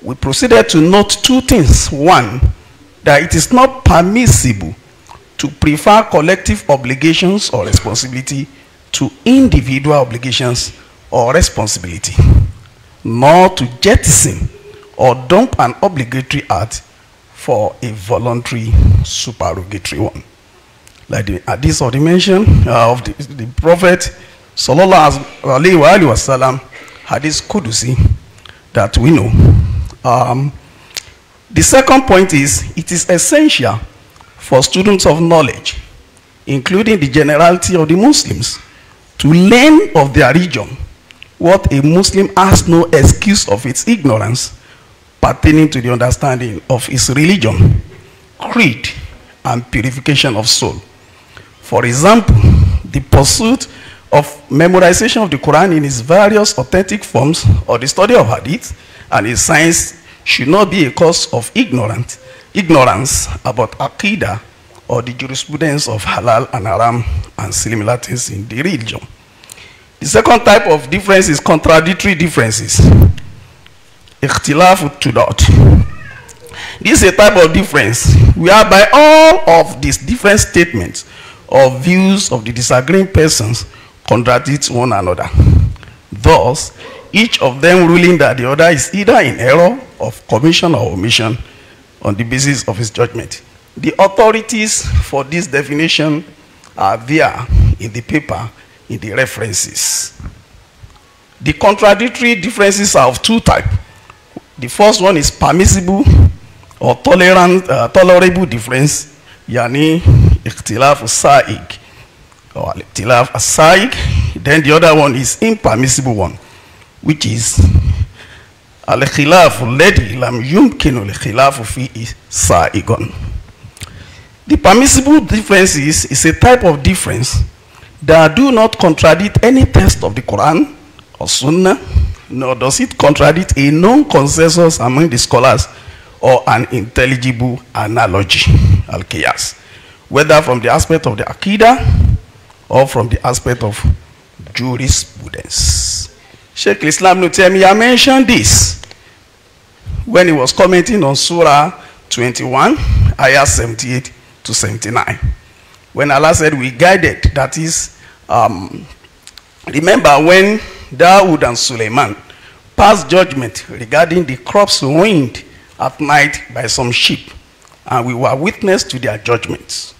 We proceeded to note two things. One, that it is not permissible to prefer collective obligations or responsibility to individual obligations or responsibility, nor to jettison or dump an obligatory act for a voluntary supererogatory one. Like the hadith or the mention uh, of the, the Prophet Sallallahu Alaihi Wasallam, hadith Kudusi, that we know. Um, the second point is it is essential for students of knowledge, including the generality of the Muslims, to learn of their religion what a Muslim has no excuse of its ignorance pertaining to the understanding of his religion, creed, and purification of soul. For example, the pursuit of memorization of the Quran in its various authentic forms or the study of hadith and its science should not be a cause of ignorance, ignorance about Aqidah or the jurisprudence of halal and haram and similar things in the religion. The second type of difference is contradictory differences. Ikhtilaf to This is a type of difference whereby all of these different statements or views of the disagreeing persons contradict one another. Thus, each of them ruling that the other is either in error of commission or omission on the basis of his judgment. The authorities for this definition are there in the paper, in the references. The contradictory differences are of two types. The first one is permissible or tolerant, uh, tolerable difference, yani ikhtilaf sa'ig or ikhtilaf sa'ig. Then the other one is impermissible one, which is al-khilaf alladhi lam yumkinu al-khilaf fi sa'igun. The permissible difference is, is a type of difference that do not contradict any text of the Quran or Sunnah, nor does it contradict a known consensus among the scholars or an intelligible analogy, al-qiyas, whether from the aspect of the akida or from the aspect of jurisprudence. Sheikh Islam Nutemiya mentioned this when he was commenting on Surah 21, Ayah 78 to 79. When Allah said, We guided, that is, um, remember when Dawood and Suleiman passed judgment regarding the crops ruined at night by some sheep, and we were witness to their judgments.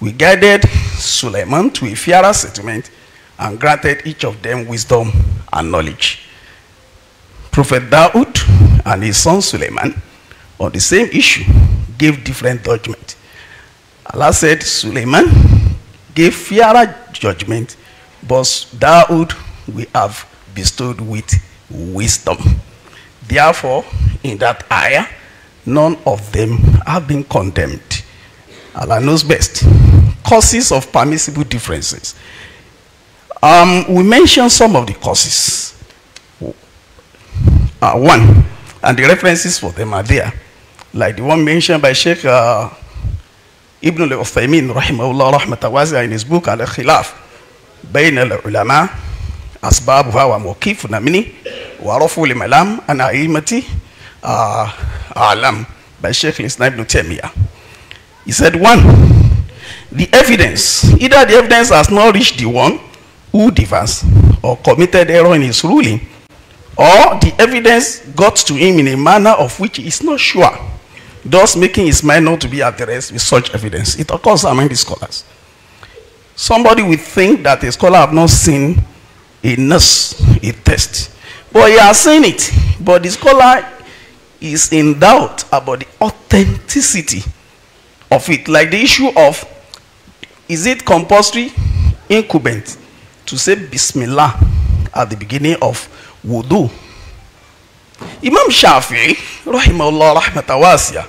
We guided Suleiman to a fairer settlement and granted each of them wisdom and knowledge. Prophet Dawood and his son Suleiman, on the same issue, gave different judgment. Allah said, Suleiman, give fairer judgment, but Dawood we have bestowed with wisdom. Therefore, in that ayah, none of them have been condemned. Allah knows best. Causes of permissible differences. Um, we mentioned some of the causes. Uh, one, and the references for them are there. Like the one mentioned by Sheikh uh, ابن al رحمه الله رحمة wasi'a in على خلاف بين العلماء أسبابها وموقفنا مني asbabuha wa mawqifuna minni أعلم rafu al-malam ah, by Sheikh al Ibn Taymiyyah. He said one, the evidence, either the evidence has not reached the one who differs or committed error in his ruling, or the evidence got to him in a manner of which he is not sure thus making his mind not to be at rest with such evidence. It occurs among the scholars. Somebody will think that a scholar have not seen a nurse, a test. But he has seen it. But the scholar is in doubt about the authenticity of it. Like the issue of, is it compulsory incumbent to say Bismillah at the beginning of wudu? Imam Shafi, rahimahullah rahmatawasiyah,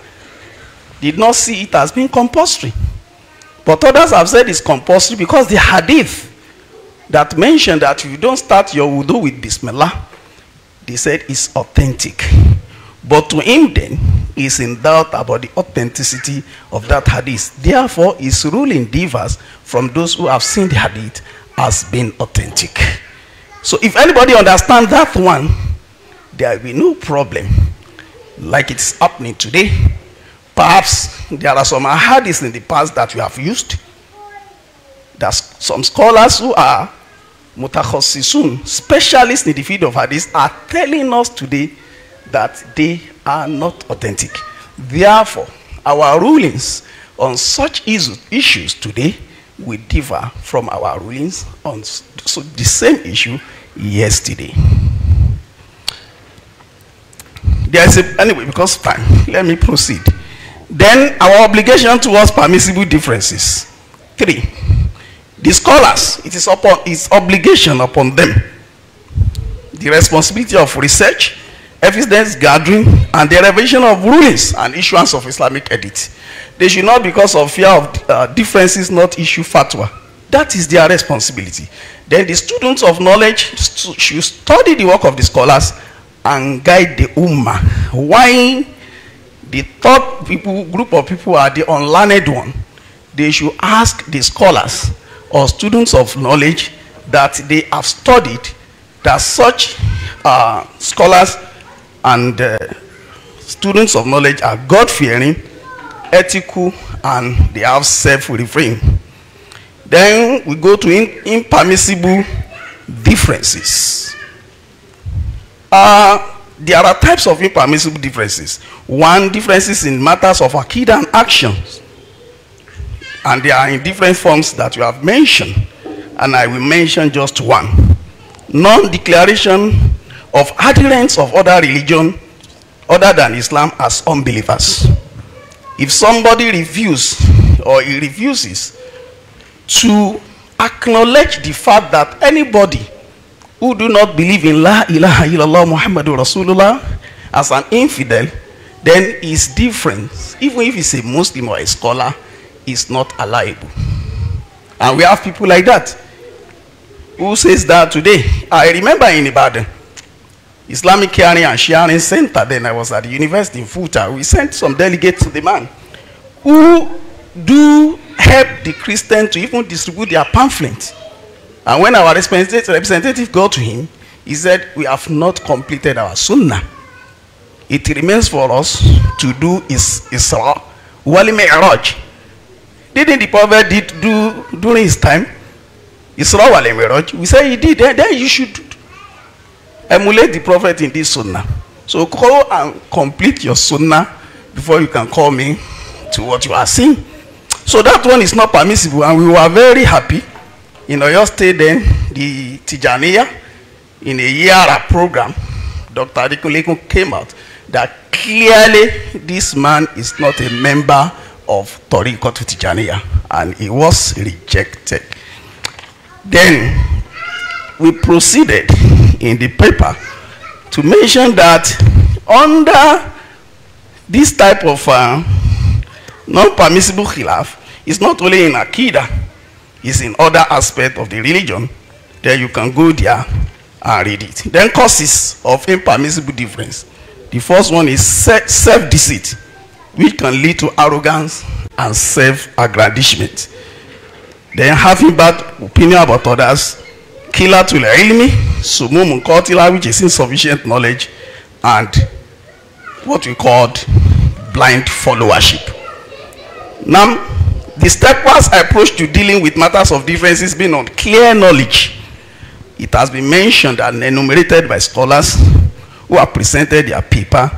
did not see it as being compulsory. But others have said it's compulsory because the hadith that mentioned that you don't start your wudu with Bismillah, they said it's authentic. But to him then, he's in doubt about the authenticity of that hadith. Therefore, his ruling differs from those who have seen the hadith as being authentic. So if anybody understands that one, there will be no problem like it's happening today Perhaps there are some hadiths in the past that you have used. There's some scholars who are mutakhasisun, specialists in the field of hadith, are telling us today that they are not authentic. Therefore, our rulings on such issues today will differ from our rulings on so the same issue yesterday. There is a, anyway, because time, let me proceed. Then our obligation towards permissible differences. Three, the scholars, it is upon its obligation upon them. The responsibility of research, evidence gathering, and the revision of rulings and issuance of Islamic edicts. They should not, because of fear of uh, differences, not issue fatwa. That is their responsibility. Then the students of knowledge st should study the work of the scholars and guide the ummah. Why The third people, group of people are the unlearned one. They should ask the scholars or students of knowledge that they have studied that such uh, scholars and uh, students of knowledge are God-fearing, ethical, and they have self-refrain. Then we go to in, impermissible differences. Uh, there are types of impermissible differences. One, differences in matters of akida and actions. And they are in different forms that you have mentioned. And I will mention just one. Non-declaration of adherents of other religion other than Islam as unbelievers. If somebody refuses or he refuses to acknowledge the fact that anybody who do not believe in La ilaha illallah Muhammadur Rasulullah as an infidel, then is different. even if he's a Muslim or a scholar, is not allowable. And we have people like that. Who says that today? I remember in Ibadan, Islamic Caring and Sharing Center, then I was at the university in Futa. We sent some delegates to the man who do help the Christian to even distribute their pamphlets And when our representative got to him, he said, We have not completed our sunnah. It remains for us to do is Isra wal Mi'raj. Didn't the prophet did do during his time? Isra wal Mi'raj. We say he did. Then, then you should emulate the prophet in this sunnah. So go and complete your sunnah before you can call me to what you are seeing. So that one is not permissible, and we were very happy In Oyo State, then, the Tijaniya, in a Yara program, Dr. Adekunlekun came out that clearly this man is not a member of Torikotu Tijaniya, and he was rejected. Then we proceeded in the paper to mention that under this type of uh, non-permissible khilaf is not only in Akida, is in other aspect of the religion, then you can go there and read it. Then causes of impermissible difference. The first one is self-deceit, which can lead to arrogance and self-aggrandizement. Then having bad opinion about others, killer to ilmi, sumum qatila, which is insufficient knowledge, and what we called blind followership. Now, The steadfast approach to dealing with matters of difference is being on clear knowledge. It has been mentioned and enumerated by scholars who have presented their paper.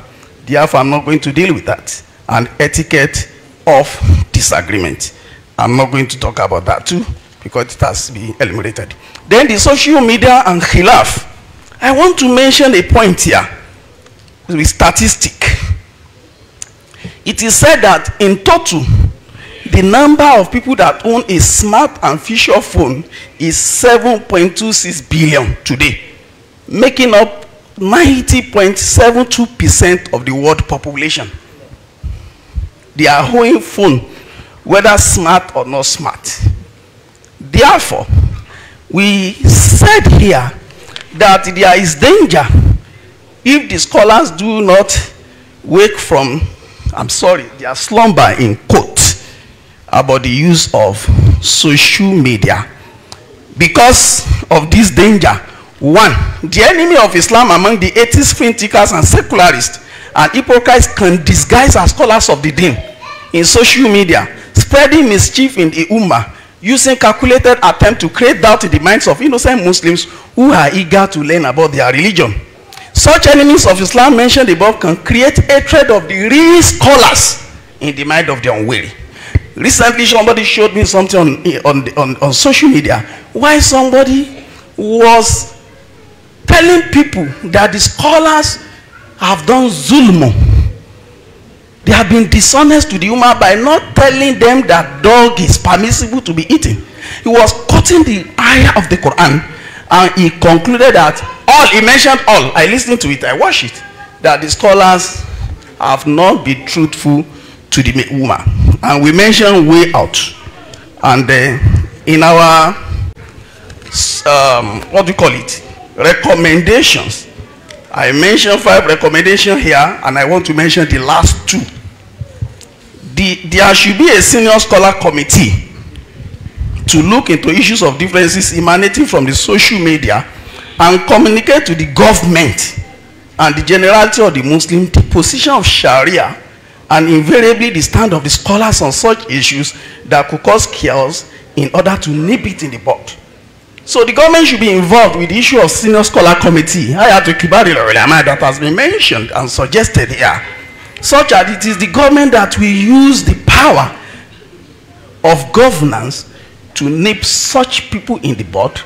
Therefore, I'm not going to deal with that. An etiquette of disagreement. I'm not going to talk about that too because it has been eliminated. Then the social media and khilaf. I want to mention a point here with statistic. It is said that in total, the number of people that own a smart and feature phone is 7.26 billion today, making up 90.72% of the world population. They are owning phone, whether smart or not smart. Therefore, we said here that there is danger if the scholars do not wake from, I'm sorry, their slumber in quotes about the use of social media. Because of this danger, one, the enemy of Islam among the atheists, thinkers, and secularists and hypocrites can disguise as scholars of the deen in social media, spreading mischief in the ummah, using calculated attempt to create doubt in the minds of innocent Muslims who are eager to learn about their religion. Such enemies of Islam mentioned above can create hatred of the real scholars in the mind of the unwary. Recently, somebody showed me something on, on, on, on social media. Why somebody was telling people that the scholars have done zulm. They have been dishonest to the human by not telling them that dog is permissible to be eaten. He was quoting the ayah of the Quran and he concluded that all, he mentioned all. I listened to it, I watched it. That the scholars have not been truthful to the woman and we mentioned way out. And uh, in our, um, what do you call it, recommendations, I mentioned five recommendations here, and I want to mention the last two. The, there should be a senior scholar committee to look into issues of differences emanating from the social media and communicate to the government and the generality of the Muslim the position of Sharia and invariably the stand of the scholars on such issues that could cause chaos in order to nip it in the bud. So the government should be involved with the issue of senior scholar committee, Hayato Kibari Lorelama, that has been mentioned and suggested here, such that it is the government that will use the power of governance to nip such people in the bud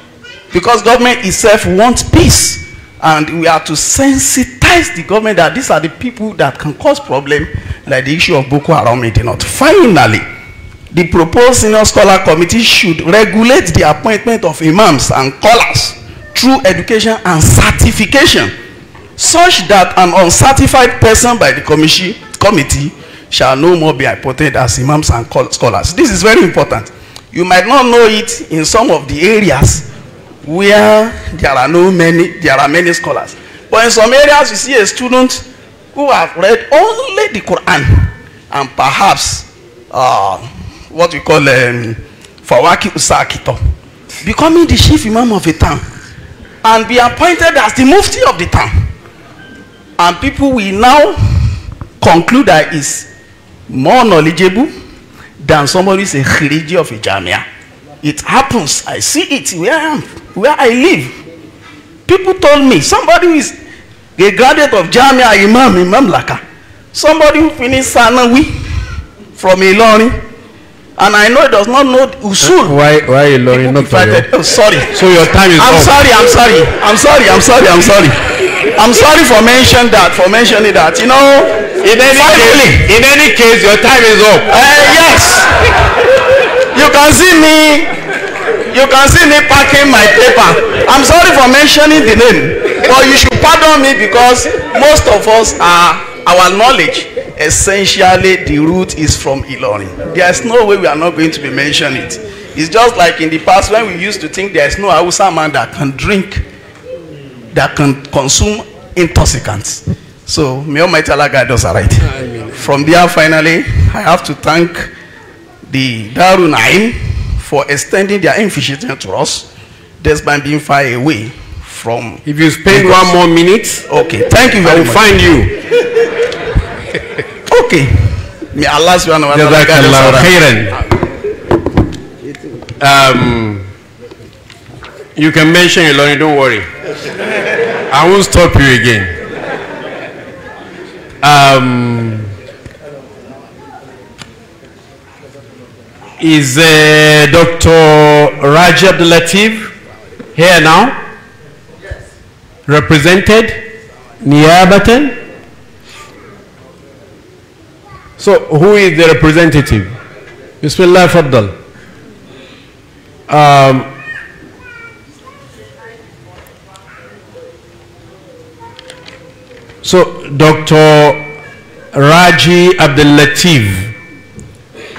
because government itself wants peace and we are to sensitize the government that these are the people that can cause problems, like the issue of Boko Haram in not. Finally, the proposed senior scholar committee should regulate the appointment of imams and scholars through education and certification, such that an uncertified person by the committee, committee shall no more be appointed as imams and scholars. This is very important. You might not know it in some of the areas where there are no many, there are many scholars. But in some areas, you see a student who have read only the Quran and perhaps uh, what we call um, Fawaki Usakito, becoming the chief imam of a town and be appointed as the mufti of the town. And people will now conclude that is more knowledgeable than somebody who is a khiriji of a jamia. It happens. I see it where I am where I live. People told me, somebody who is a graduate of Jamia Imam Imam Laka, somebody who finished Sanawi from Ilori, and I know he does not know usul. Why why Ilori not for you? Oh, sorry. So your time is I'm up. Sorry, I'm sorry. I'm sorry. I'm sorry. I'm sorry. I'm sorry for mentioning that. For mentioning that. You know. In any case, in any case, your time is up. Uh, yes. you can see me You can see me packing my paper. I'm sorry for mentioning the name, but you should pardon me because most of us are our knowledge essentially the root is from Ilorin. There is no way we are not going to be mentioning it. It's just like in the past when we used to think there is no Hausa man that can drink, that can consume intoxicants. So may Almighty Allah guide us right. From there, finally, I have to thank the Darun for extending their invitation to us, by being far away from. If you spend one more minute, okay, thank you very I will find you. <laughs> okay, may Allah subhanahu wa taala. Um, you can mention it, Lonnie, don't worry. I won't stop you again. Um, is uh, Dr. Rajab Abdul Latif here now? Yes. Represented? Niyabatan? So, who is the representative? Bismillah Faddal. Um, so, Dr. Raji Abdul Latif.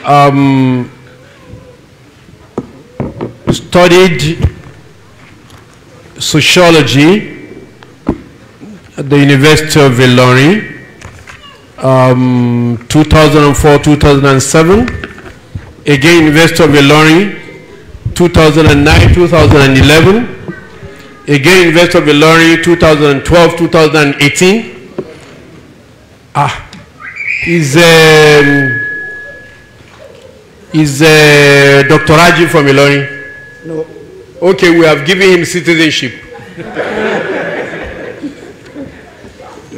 Um, studied sociology at the University of Illinois, um, 2004-2007, again University of Illinois, 2009-2011, again University of Illinois, 2012-2018. Ah, is um, is a uh, Dr. Raji from Illinois? No. Okay, we have given him citizenship.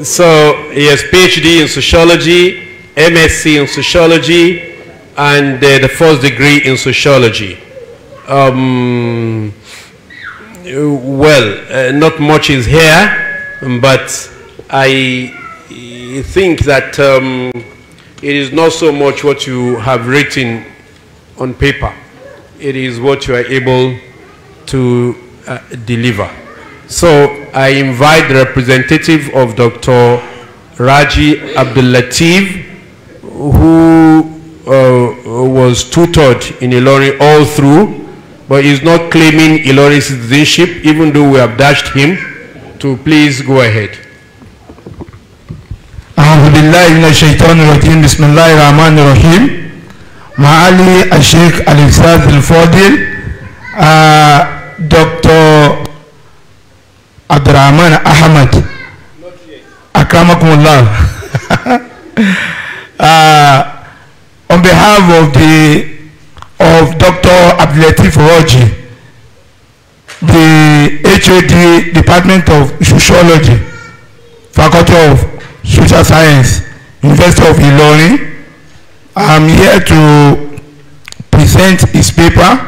so he has PhD in sociology, MSc in sociology, and uh, the first degree in sociology. Um, well, uh, not much is here, but I think that um, it is not so much what you have written on paper it is what you are able to uh, deliver. So I invite the representative of Dr. Raji Abdulatif, who uh, was tutored in Ilori all through, but is not claiming Ilori citizenship, even though we have dashed him, to please go ahead. بسم الله الرحمن الرحيم Maali Sheikh Alexander Al-Fadil, uh, Dr. Abdurrahman Ahmad. Akamakumullah. <laughs> uh, on behalf of the of Dr. Abdulatif Roji, the HOD Department of Sociology, Faculty of Social Science, University of Ilorin, I'm here to present his paper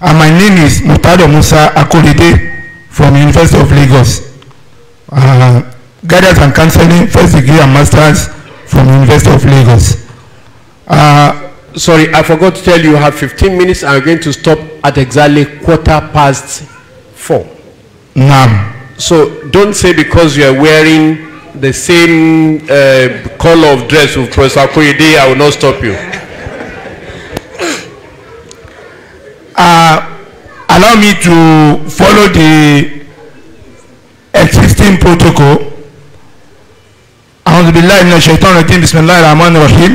and my name is Mutado Musa Akolede from University of Lagos. Uh, guidance and counseling, first degree and masters from University of Lagos. Uh, Sorry, I forgot to tell you, you have 15 minutes and I'm going to stop at exactly quarter past four. Now. So don't say because you are wearing the same uh, color of dress of Professor Koyede, I will not stop you. Uh, allow me to follow the existing protocol. أعوذ بالله من الشيطان الرجيم بسم الله الرحمن الرحيم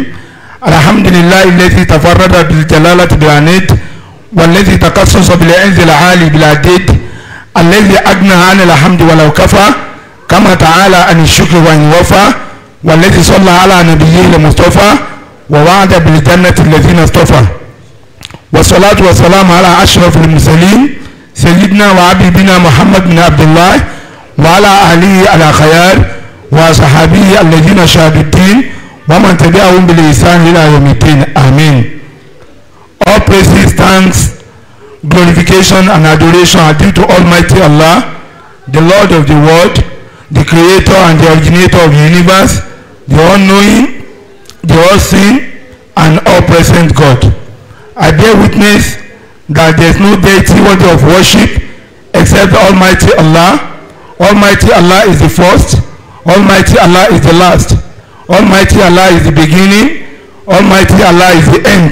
الحمد لله الذي تفرد بالجلالة بالعنيد والذي تقصص بالعنز العالي بالعديد الذي أغنى عن الحمد ولو كفى كما تعالى عن الشكر وإن وفى والذي صلى على نبيه المصطفى ووعد بالجنة الذين اصطفى والصلاة والسلام على أشرف المرسلين سيدنا وحبيبنا محمد بن عبد الله وعلى أهله على خيار وصحابه الذين شهدوا الدين ومن تبعهم بالإحسان إلى يوم الدين آمين All praises, thanks, glorification and adoration are due to Almighty Allah, the Lord of the world, the creator and the originator of the universe, the all-knowing, the all-seeing, and all-present God. I bear witness that there is no deity worthy of worship except Almighty Allah. Almighty Allah is the first. Almighty Allah is the last. Almighty Allah is the beginning. Almighty Allah is the end.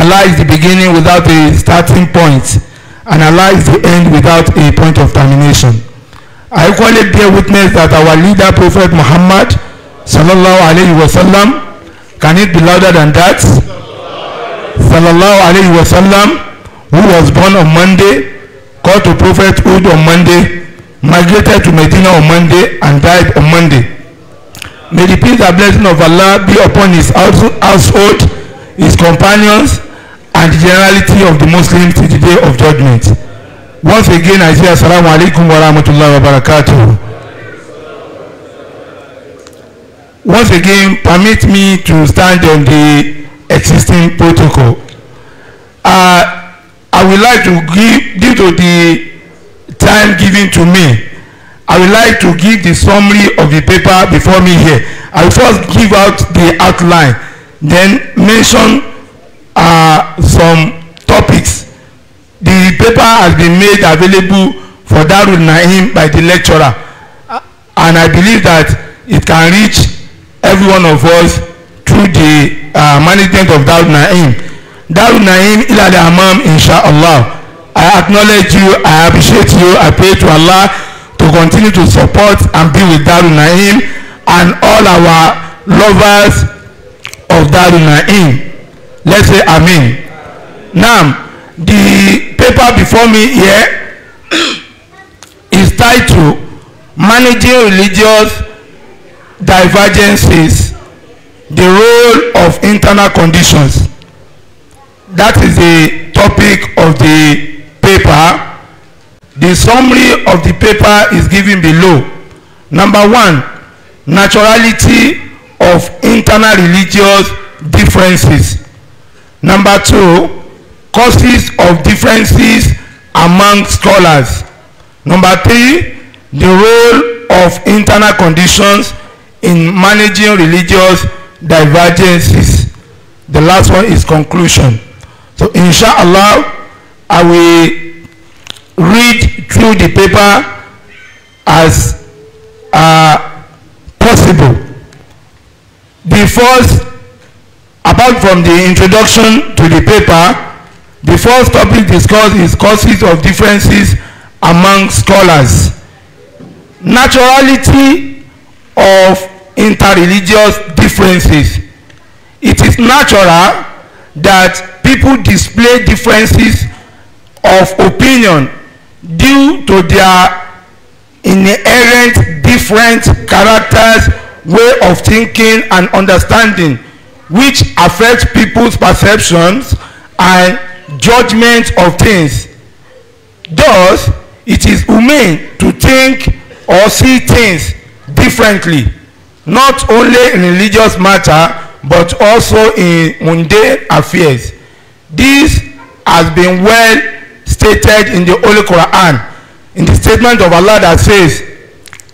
Allah is the beginning without a starting point, and Allah is the end without a point of termination. I call it bear witness that our leader, Prophet Muhammad, sallallahu alayhi wa sallam, can it be louder than that? Sallallahu alayhi wa sallam, who was born on Monday, called to prophethood on Monday, migrated to Medina on Monday, and died on Monday. May the peace and blessing of Allah be upon his household, his companions, and the generality of the Muslims to the day of judgment. Once again, I say Assalamu alaikum wa rahmatullahi wa barakatuh. Once again, permit me to stand on the existing protocol. Uh, I would like to give, due to the time given to me, I would like to give the summary of the paper before me here. I will first give out the outline, then mention uh, some the paper has been made available for Darul Naim by the lecturer and I believe that it can reach every one of us through the uh, management of Darul Naim. Darul Naim Ilal Amam inshallah. I acknowledge you, I appreciate you, I pray to Allah to continue to support and be with Darul Naim and all our lovers of Darul Naim. Let's say Amen. Now, the paper before me here is titled Managing Religious Divergences the Role of Internal Conditions. That is the topic of the paper. The summary of the paper is given below. Number one, naturality of internal religious differences. Number two, causes of differences among scholars. Number three, the role of internal conditions in managing religious divergences. The last one is conclusion. So inshallah, I will read through the paper as uh, possible. The first, apart from the introduction to the paper, The first topic discussed is causes of differences among scholars. Naturality of interreligious differences. It is natural that people display differences of opinion due to their inherent different characters, way of thinking and understanding, which affect people's perceptions and judgment of things. Thus, it is humane to think or see things differently, not only in religious matter but also in mundane affairs. This has been well stated in the Holy Quran in the statement of Allah that says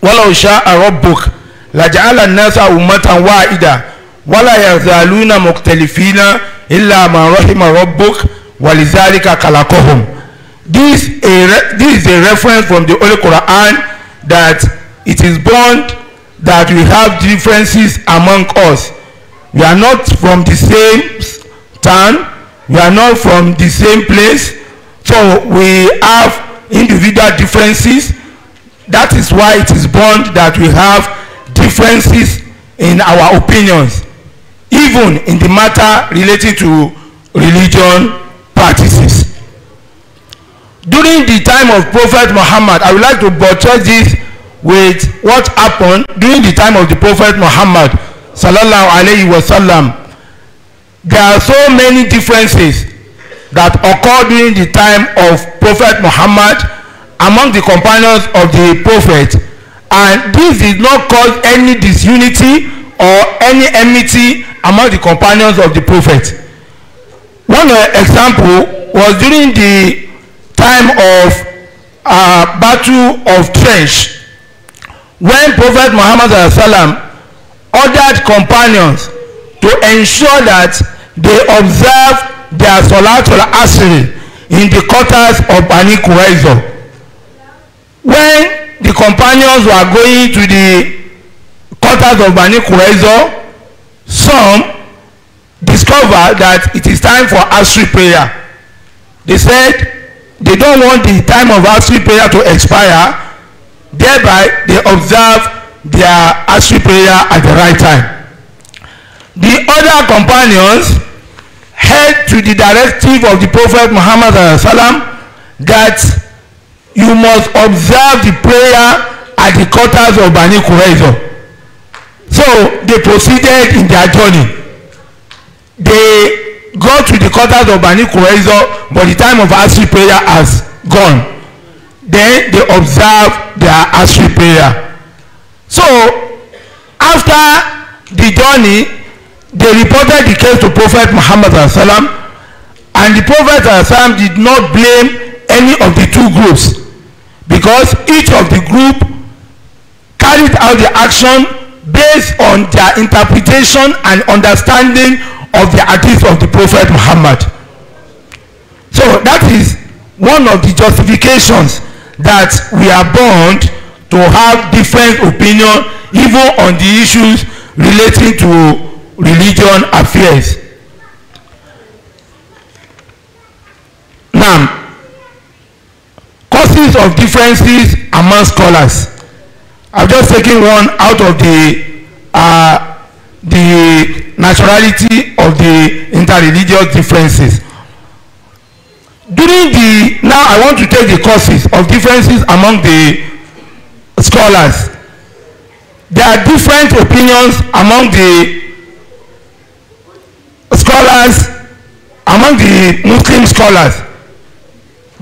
wala usha Arab book, arabuk lajala nasa ummatan wa'ida wala yazaluna mukhtalifina illa man rahima rabbuk walizalika kalakohum this a this is a reference from the Holy Quran that it is born that we have differences among us we are not from the same town we are not from the same place so we have individual differences that is why it is born that we have differences in our opinions even in the matter relating to religion practices. During the time of Prophet Muhammad, I would like to buttress this with what happened during the time of the Prophet Muhammad sallallahu alayhi wa sallam. There are so many differences that occurred during the time of Prophet Muhammad among the companions of the Prophet and this did not cause any disunity or any enmity among the companions of the Prophet One uh, example was during the time of uh, Battle of Trench when Prophet Muhammad sallam ordered companions to ensure that they observe their Salatul Asri in the quarters of Bani Qurayza. When the companions were going to the quarters of Bani Qurayza, some discover that it is time for asri prayer they said they don't want the time of asri prayer to expire thereby they observe their asri prayer at the right time the other companions head to the directive of the prophet muhammad sallam that you must observe the prayer at the quarters of bani qurayza so they proceeded in their journey they go to the quarters of Bani Qurayza but the time of Asri prayer has gone then they observe their Asri prayer so after the journey they reported the case to Prophet Muhammad sallam and the Prophet sallam did not blame any of the two groups because each of the group carried out the action based on their interpretation and understanding of the hadith of the prophet Muhammad so that is one of the justifications that we are bound to have different opinion even on the issues relating to religion affairs now causes of differences among scholars I'm just taking one out of the uh, the naturality of the interreligious differences during the now I want to take the causes of differences among the scholars there are different opinions among the scholars among the Muslim scholars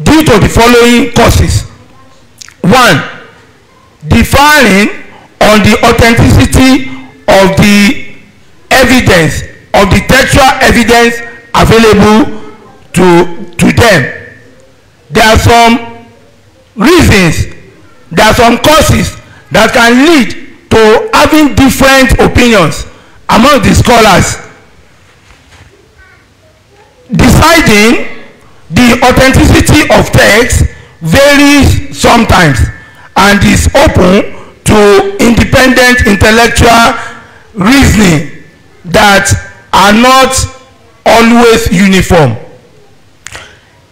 due to the following causes one differing on the authenticity of the evidence of the textual evidence available to to them there are some reasons there are some causes that can lead to having different opinions among the scholars deciding the authenticity of text varies sometimes and is open to independent intellectual reasoning that are not always uniform.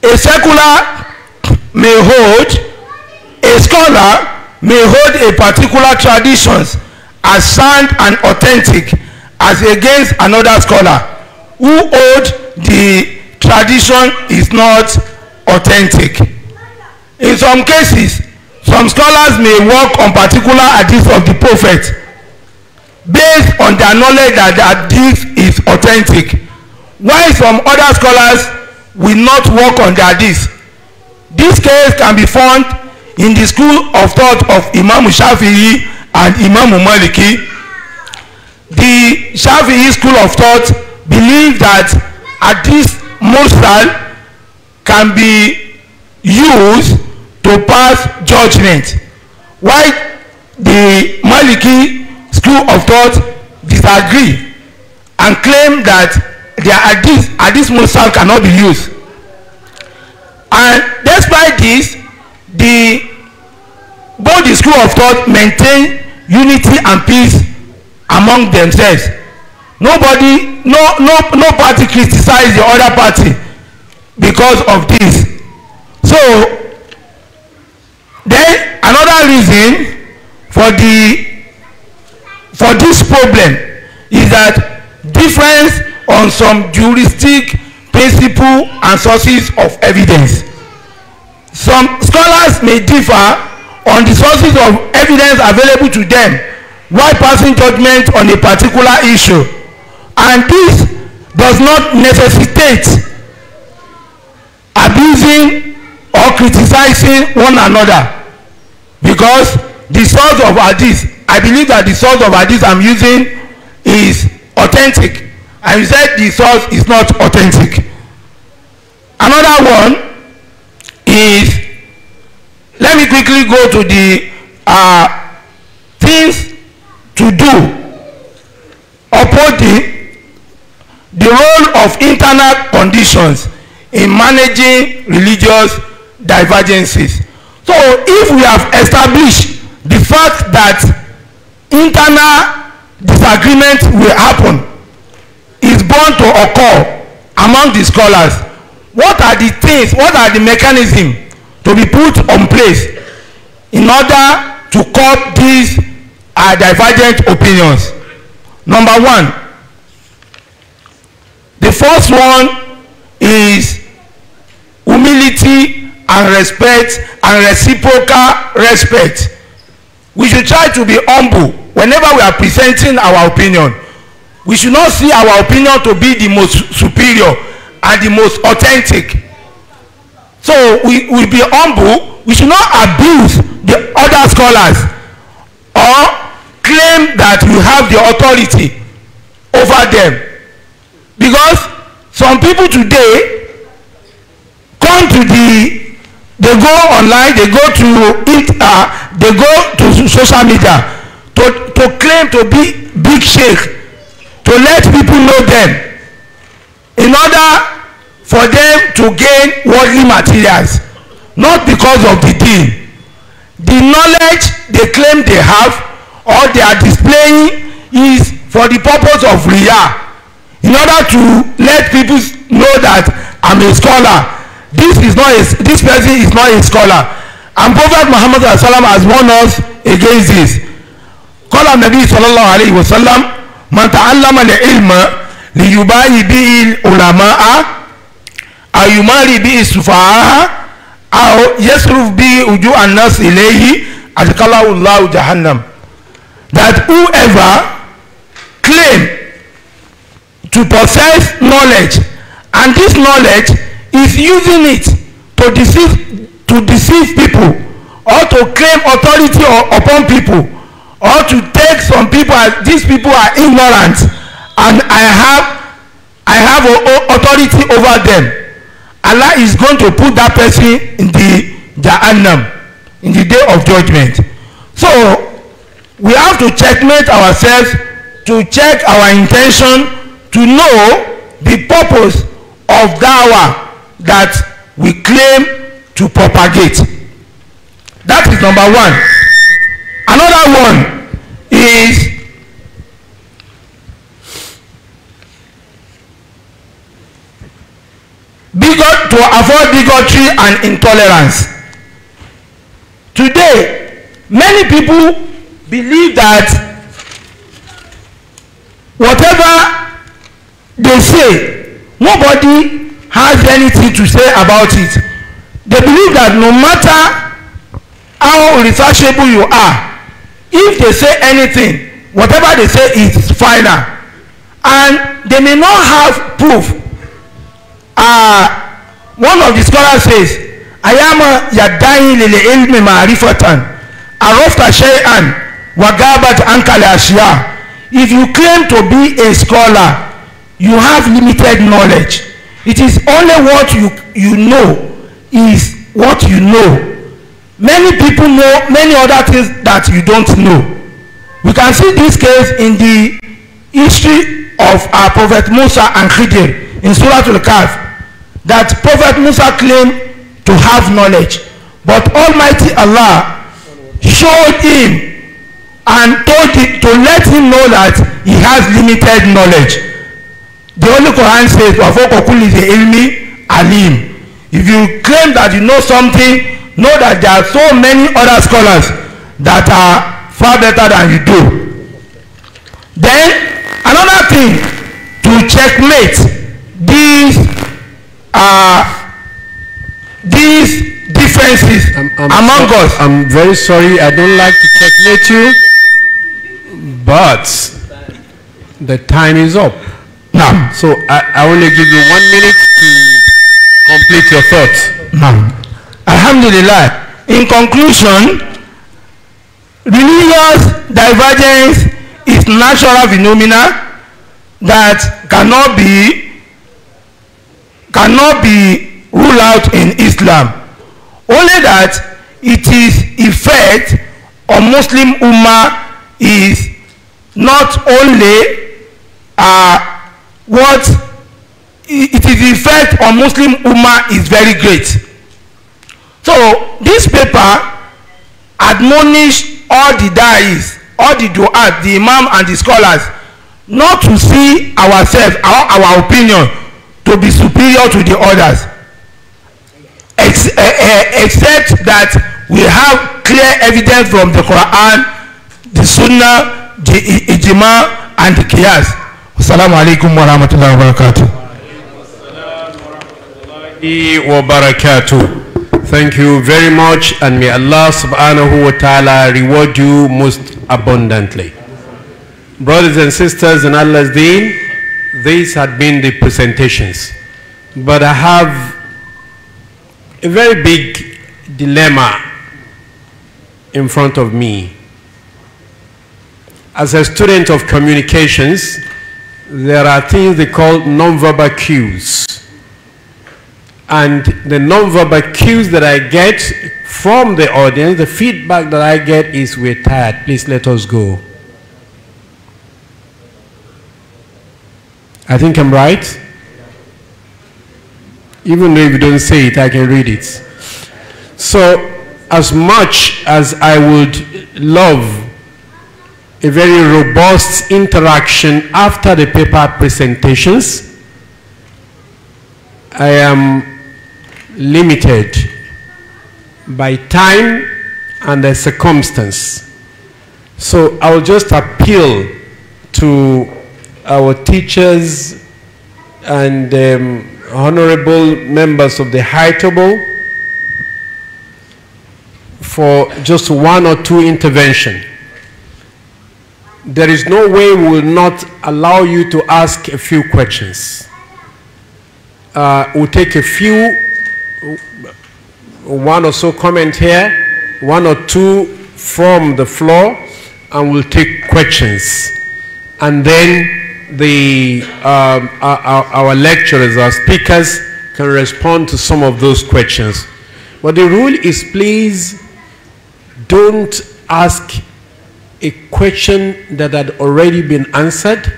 A secular may hold a scholar may hold a particular traditions as sound and authentic as against another scholar who hold the tradition is not authentic. In some cases some scholars may work on particular hadith of the prophet based on their knowledge that their deeds is authentic while some other scholars will not work on this? this case can be found in the school of thought of Imam Shafi'i and Imam Maliki the Shafi'i school of thought believe that this mursal can be used to pass judgment while the Maliki do of thought disagree and claim that their at hadith hadith mursal cannot be used and despite this the both the school of thought maintain unity and peace among themselves nobody no no no party criticize the other party because of this so then another reason for the for this problem is that difference on some juristic principle and sources of evidence. Some scholars may differ on the sources of evidence available to them while passing judgment on a particular issue and this does not necessitate abusing or criticizing one another because the source of hadith I believe that the source of hadith I'm using is authentic and you said the source is not authentic another one is let me quickly go to the uh, things to do the the role of internal conditions in managing religious divergences so if we have established the fact that internal disagreement will happen is born to occur among the scholars what are the things what are the mechanisms to be put on place in order to curb these uh, divergent opinions number one the first one is humility and respect and reciprocal respect we should try to be humble whenever we are presenting our opinion we should not see our opinion to be the most superior and the most authentic so we we be humble we should not abuse the other scholars or claim that we have the authority over them because some people today come to the they go online they go to it Ah, uh, they go to social media to to claim to be big sheikh to let people know them in order for them to gain worldly materials not because of the deen the knowledge they claim they have or they are displaying is for the purpose of riyah in order to let people know that i'm a scholar this is not a this person is not a scholar and prophet muhammad sallam has warned us against this qala nabi sallallahu alayhi wa sallam man ta'allama li ilma li yubayi bihi ulama'a aw yumari bihi sufaha aw yasruf bihi uju an-nas ilayhi adkalahu allahu jahannam that whoever claim to possess knowledge and this knowledge is using it to deceive to deceive people or to claim authority or, upon people or to take some people as these people are ignorant and I have I have a, a authority over them Allah is going to put that person in the Jahannam in the day of judgment so we have to checkmate ourselves to check our intention to know the purpose of dawah that we claim to propagate. That is number one. Another one is bigot to avoid bigotry and intolerance. Today, many people believe that whatever they say nobody has anything to say about it they believe that no matter how researchable you are if they say anything whatever they say is final and they may not have proof uh, one of the scholars says ayama yadayi lili ilmi maarifatan arofta shay'an wagabat ankali ashia." if you claim to be a scholar you have limited knowledge It is only what you, you know is what you know. Many people know many other things that you don't know. We can see this case in the history of our Prophet Musa and Khidir in Surah Al-Kahf that Prophet Musa claimed to have knowledge. But Almighty Allah showed him and told him to let him know that he has limited knowledge. The Holy Quran says, Wafokokul is the ilmi alim. If you claim that you know something, know that there are so many other scholars that are far better than you do. Then, another thing to checkmate these uh, these differences I'm, I'm, among I'm, us. I'm very sorry, I don't like to checkmate you, but the time is up. Now. Hmm. So I, I only give you one minute to complete your thoughts. Now. Hmm. Alhamdulillah. In conclusion, religious divergence is natural phenomena that cannot be cannot be ruled out in Islam. Only that it is effect on Muslim Ummah is not only uh, what it is effect on Muslim Ummah is very great. So this paper admonish all the da'is, all the du'at, the imam and the scholars not to see ourselves our, our opinion to be superior to the others ex uh, uh, except that we have clear evidence from the Quran, the Sunnah, the Ijma and the Qiyas. Assalamu alaikum wa rahmatullahi wa barakatuh. wa barakatuh. Thank you very much and may Allah subhanahu wa ta'ala reward you most abundantly. Brothers and sisters in Allah's deen, these had been the presentations. But I have a very big dilemma in front of me. As a student of communications, there are things they call nonverbal cues. And the nonverbal cues that I get from the audience, the feedback that I get is we're tired, please let us go. I think I'm right. Even though you don't say it, I can read it. So, as much as I would love a very robust interaction after the paper presentations. I am limited by time and the circumstance. So I will just appeal to our teachers and um, honorable members of the High Table for just one or two intervention there is no way we will not allow you to ask a few questions. Uh, we'll take a few, one or so comment here, one or two from the floor, and we'll take questions. And then the, um, our, our lecturers, our speakers, can respond to some of those questions. But the rule is please don't ask a question that had already been answered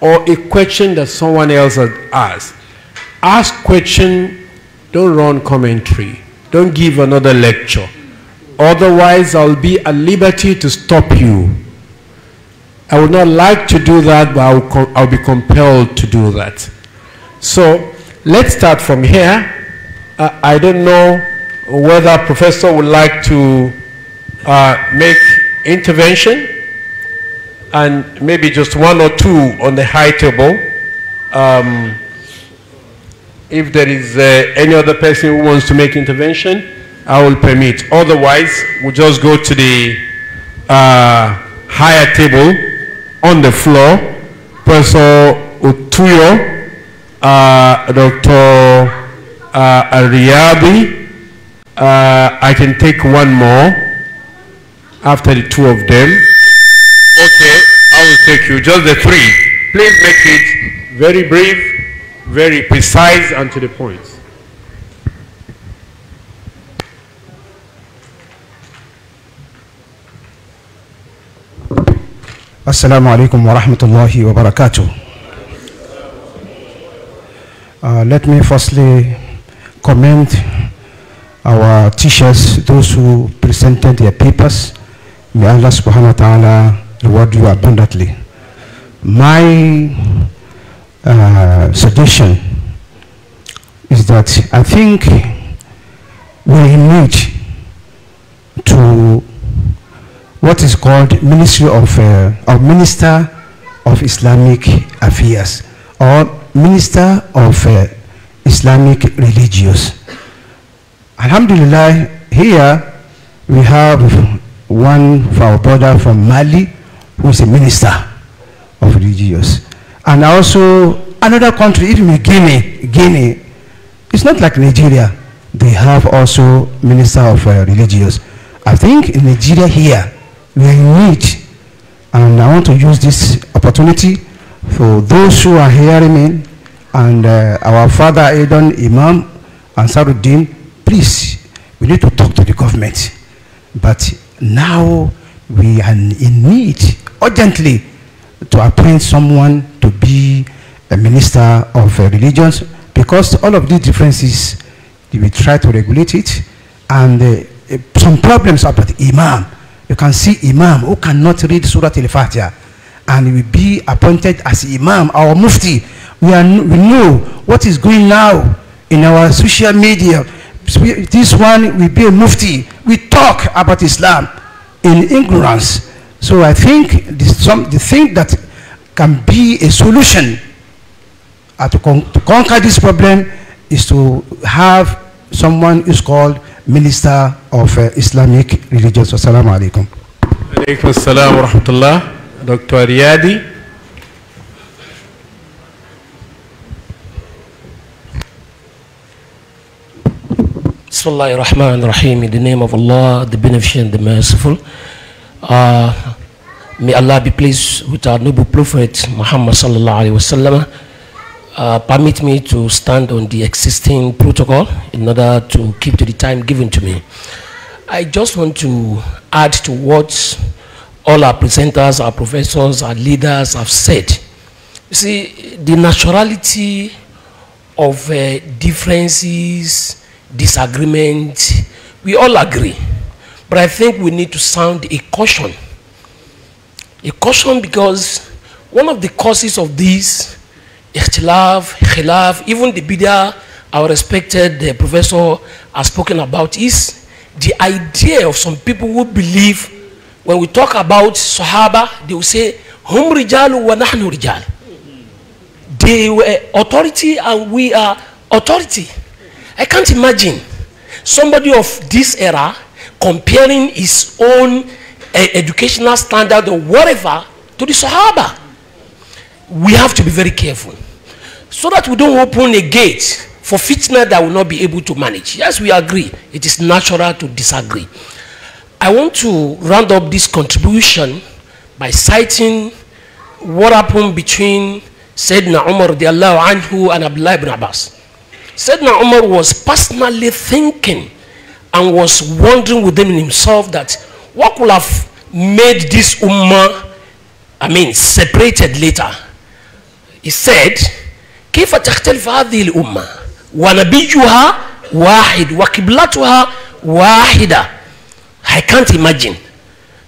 or a question that someone else had asked. Ask question, don't run commentary. Don't give another lecture. Otherwise, I'll be at liberty to stop you. I would not like to do that, but I'll, I'll be compelled to do that. So let's start from here. Uh, I don't know whether Professor would like to uh, make intervention, and maybe just one or two on the high table. Um, if there is uh, any other person who wants to make intervention, I will permit. Otherwise, we'll just go to the uh, higher table on the floor. Professor Utuyo, uh, Dr. Uh, Ariabi. Uh, I can take one more after the two of them. Okay, I will take you. Just the three. Please make it very brief, very precise, and to the point. Assalamu alaikum wa rahmatullahi wa barakatuh. Uh, let me firstly commend our teachers, those who presented their papers. May Allah subhanahu wa ta'ala reward you abundantly. My uh, suggestion is that I think we need to what is called Ministry of uh, or Minister of Islamic Affairs or Minister of uh, Islamic religious. Alhamdulillah, here we have one for our brother from Mali who is a minister of religious. And also another country, even Guinea, Guinea, it's not like Nigeria. They have also minister of uh, religious. I think in Nigeria here, we need, and I want to use this opportunity for those who are hearing me and uh, our father Aidan Imam and Saruddin, please, we need to talk to the government. But now we are in need urgently to appoint someone to be a minister of uh, religions because all of these differences we try to regulate it and uh, some problems are about imam you can see imam who cannot read surah al-fatiha and will be appointed as imam our mufti we, are, we know what is going now in our social media this one will be a mufti we talk about Islam in ignorance. So I think this, some, the thing that can be a solution uh, to, con to conquer this problem is to have someone who's called Minister of uh, Islamic Religions. Assalamu alaikum. assalam wa rahmatullah. Dr. Riyadi. Bismillah ar-Rahman rahim In the name of Allah, the Beneficent, the Merciful. Uh, may Allah be pleased with our noble Prophet Muhammad sallallahu alaihi wasallam. Uh, permit me to stand on the existing protocol in order to keep to the time given to me. I just want to add to what all our presenters, our professors, our leaders have said. You see, the naturality of uh, differences disagreement. We all agree. But I think we need to sound a caution. A caution because one of the causes of this, ikhtilaf, khilaf, even the Bida, our respected professor has spoken about is the idea of some people who believe when we talk about Sahaba, they will say, Hum rijalu wa nahnu rijal. They were authority and we are authority. I can't imagine somebody of this era comparing his own uh, educational standard or whatever to the Sahaba. We have to be very careful so that we don't open a gate for fitna that will not be able to manage. Yes, we agree. It is natural to disagree. I want to round up this contribution by citing what happened between Sayyidina Umar anhu and Abdullah ibn Abbas. Sayyidina Umar was personally thinking and was wondering within himself that what could have made this ummah, I mean, separated later. He said, كيف تختلف هذه الأمة ونبيها واحد وقبلتها واحدة I can't imagine.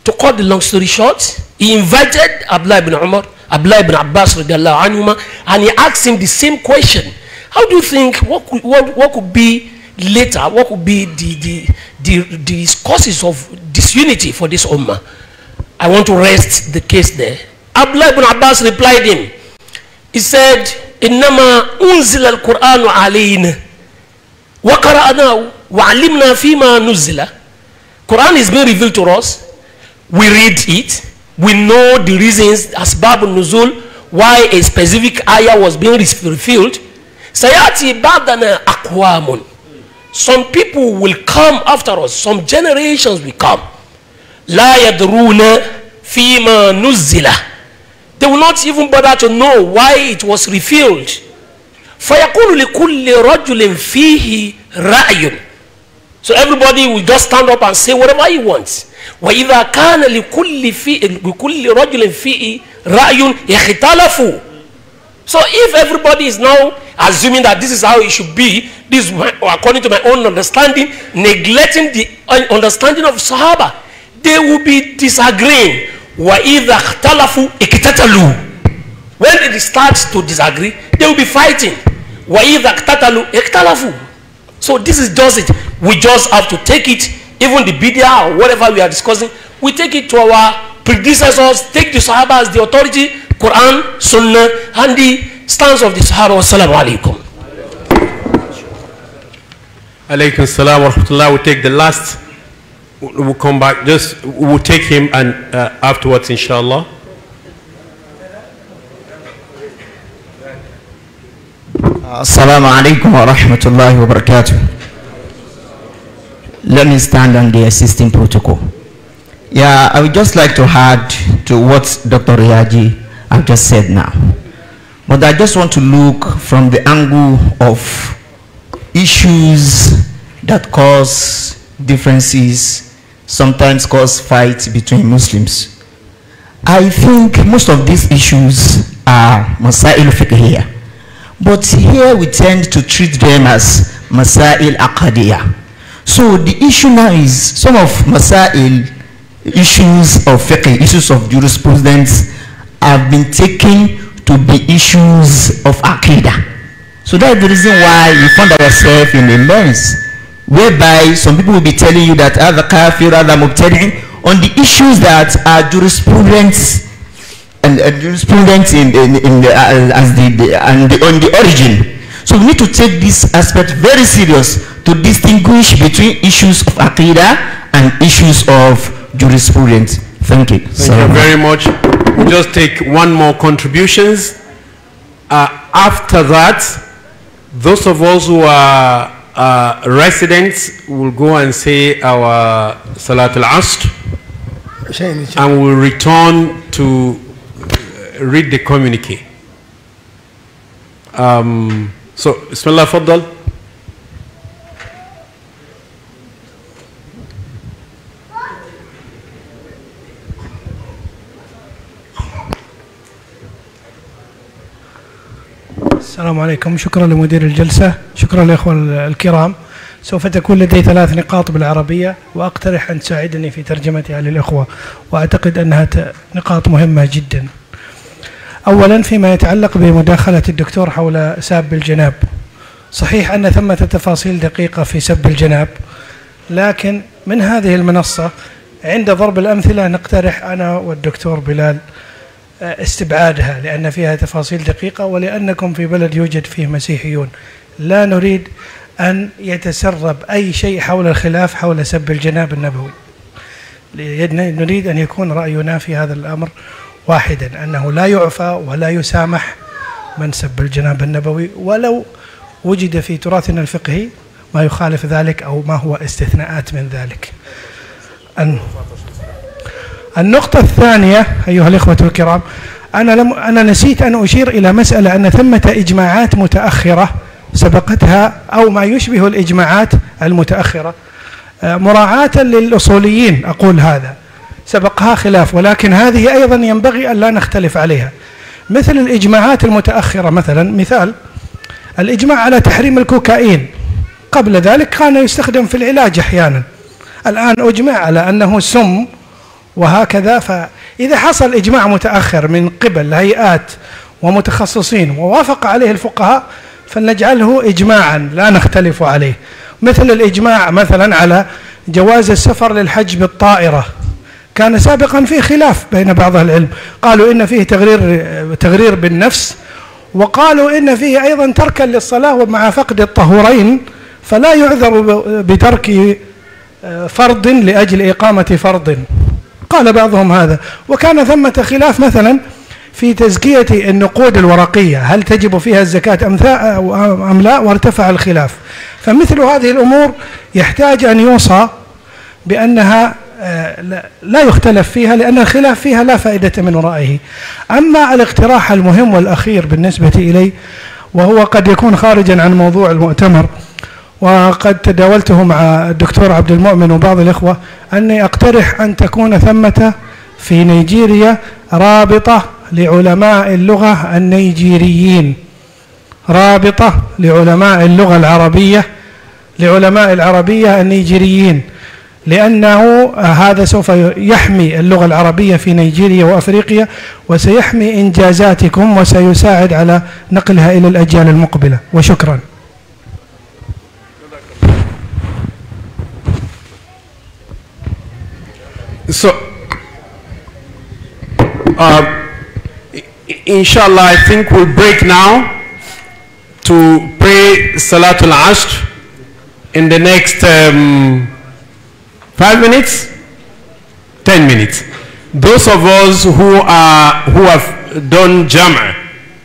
To cut the long story short, he invited Abdullah ibn Umar, Abdullah ibn Abbas radiallahu anhuma, and he asked him the same question. How do you think what could, what, what could be later, what could be the, the, the, the causes of disunity for this Ummah? I want to rest the case there. Abdullah ibn Abbas replied him. He said, إنما أنزل al علينا wa وعلمنا فيما nuzila. Quran is being revealed to us. We read it. We know the reasons, as Babu Nuzul, why a specific ayah was being revealed. Sayati Badana Akwamun. Some people will come after us, some generations will come. La yadruna fima nuzila. They will not even bother to know why it was revealed. فَيَقُولُ لِكُلِّ رَجُلٍ فِيهِ rayun. So everybody will just stand up and say whatever he wants. وَإِذَا كَانَ لِكُلِّ, في... لكل رَجُلٍ ra'yun رَأْيٌ يَخْتَلَفُوا so if everybody is now assuming that this is how it should be, this according to my own understanding, neglecting the uh, understanding of Sahaba, they will be disagreeing. When it starts to disagree, they will be fighting. So this is just it. We just have to take it, even the BDR or whatever we are discussing, we take it to our predecessors, take the Sahaba as the authority, Quran, Sunnah, and the stance of the Sahaba. Wassalamu alaikum. Alaykum salam wa rahmatullah. We'll take the last, we'll come back, just we'll take him and uh, afterwards, inshallah. Assalamu alaikum wa rahmatullahi wa barakatuh. Let me stand on the assisting protocol. Yeah, I would just like to add to what Dr. Riyaji. I've just said now. But I just want to look from the angle of issues that cause differences, sometimes cause fights between Muslims. I think most of these issues are masail fiqhiyah. But here we tend to treat them as masail Akadia. So the issue now is some of masail issues of fiqh, issues of jurisprudence, have been taken to be issues of Akida. So that's the reason why you found ourselves in a mess, whereby some people will be telling you that other ah, kafir, other ah, mubtadi, on the issues that are jurisprudence and uh, jurisprudence in, in, in the, uh, as the, the, and the, on the origin. So we need to take this aspect very serious to distinguish between issues of Akira and issues of jurisprudence. Thank you. Thank you very much. We'll just take one more contributions. Uh, after that, those of us who are uh, residents will go and say our Salat al-Asr and we'll return to uh, read the communique. Um, so, Bismillah, Faddal. السلام عليكم شكرا لمدير الجلسة شكرا لإخوة الكرام سوف تكون لدي ثلاث نقاط بالعربية وأقترح أن تساعدني في ترجمتها للإخوة وأعتقد أنها نقاط مهمة جدا أولا فيما يتعلق بمداخلة الدكتور حول ساب الجناب صحيح أن ثمة تفاصيل دقيقة في سب الجناب لكن من هذه المنصة عند ضرب الأمثلة نقترح أنا والدكتور بلال آه، استبعادها لأن فيها تفاصيل دقيقة ولأنكم في بلد يوجد فيه مسيحيون لا نريد أن يتسرب أي شيء حول الخلاف حول سب الجناب النبوي نريد أن يكون رأينا في هذا الأمر واحدا أنه لا يعفى ولا يسامح من سب الجناب النبوي ولو وجد في تراثنا الفقهي ما يخالف ذلك أو ما هو استثناءات من ذلك أن النقطة الثانية أيها الإخوة الكرام أنا, لم أنا نسيت أن أشير إلى مسألة أن ثمة إجماعات متأخرة سبقتها أو ما يشبه الإجماعات المتأخرة آه، مراعاة للأصوليين أقول هذا سبقها خلاف ولكن هذه أيضا ينبغي أن لا نختلف عليها مثل الإجماعات المتأخرة مثلا مثال الإجماع على تحريم الكوكايين قبل ذلك كان يستخدم في العلاج أحيانا الآن أجمع على أنه سم وهكذا فإذا حصل إجماع متأخر من قبل هيئات ومتخصصين ووافق عليه الفقهاء فلنجعله إجماعا لا نختلف عليه مثل الإجماع مثلا على جواز السفر للحج بالطائرة كان سابقا فيه خلاف بين بعض العلم قالوا إن فيه تغرير, تغرير بالنفس وقالوا إن فيه أيضا تركا للصلاة ومع فقد الطهورين فلا يعذر بترك آه، فرض لأجل إقامة فرض قال بعضهم هذا وكان ثمة خلاف مثلا في تزكية النقود الورقية هل تجب فيها الزكاة أم لا وارتفع الخلاف فمثل هذه الأمور يحتاج أن يوصى بأنها آه، لا يختلف فيها لأن الخلاف فيها لا فائدة من ورائه أما الاقتراح المهم والأخير بالنسبة إلي وهو قد يكون خارجا عن موضوع المؤتمر وقد تداولته مع الدكتور عبد المؤمن وبعض الإخوة أني أقترح أن تكون ثمة في نيجيريا رابطة لعلماء اللغة النيجيريين رابطة لعلماء اللغة العربية لعلماء العربية النيجيريين لأنه هذا سوف يحمي اللغة العربية في نيجيريا وأفريقيا وسيحمي إنجازاتكم وسيساعد على نقلها إلى الأجيال المقبلة وشكراً So, uh, inshallah, I think we'll break now to pray Salatul Asr in the next um, five minutes, ten minutes. Those of us who are who have done Jama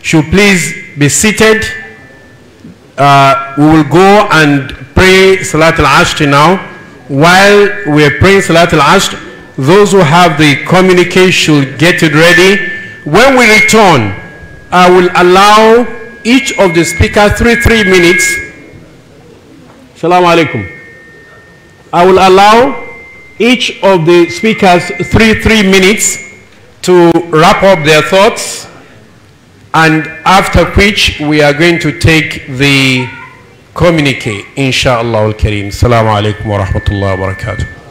should please be seated. Uh, we will go and pray Salatul Asr now. While we are praying Salatul Asr, those who have the communication should get it ready. When we return, I will allow each of the speakers three, three minutes. Salaam alaikum. I will allow each of the speakers three, three minutes to wrap up their thoughts and after which we are going to take the communique, inshallah al-kareem. Salaam alaikum wa rahmatullahi wa barakatuh.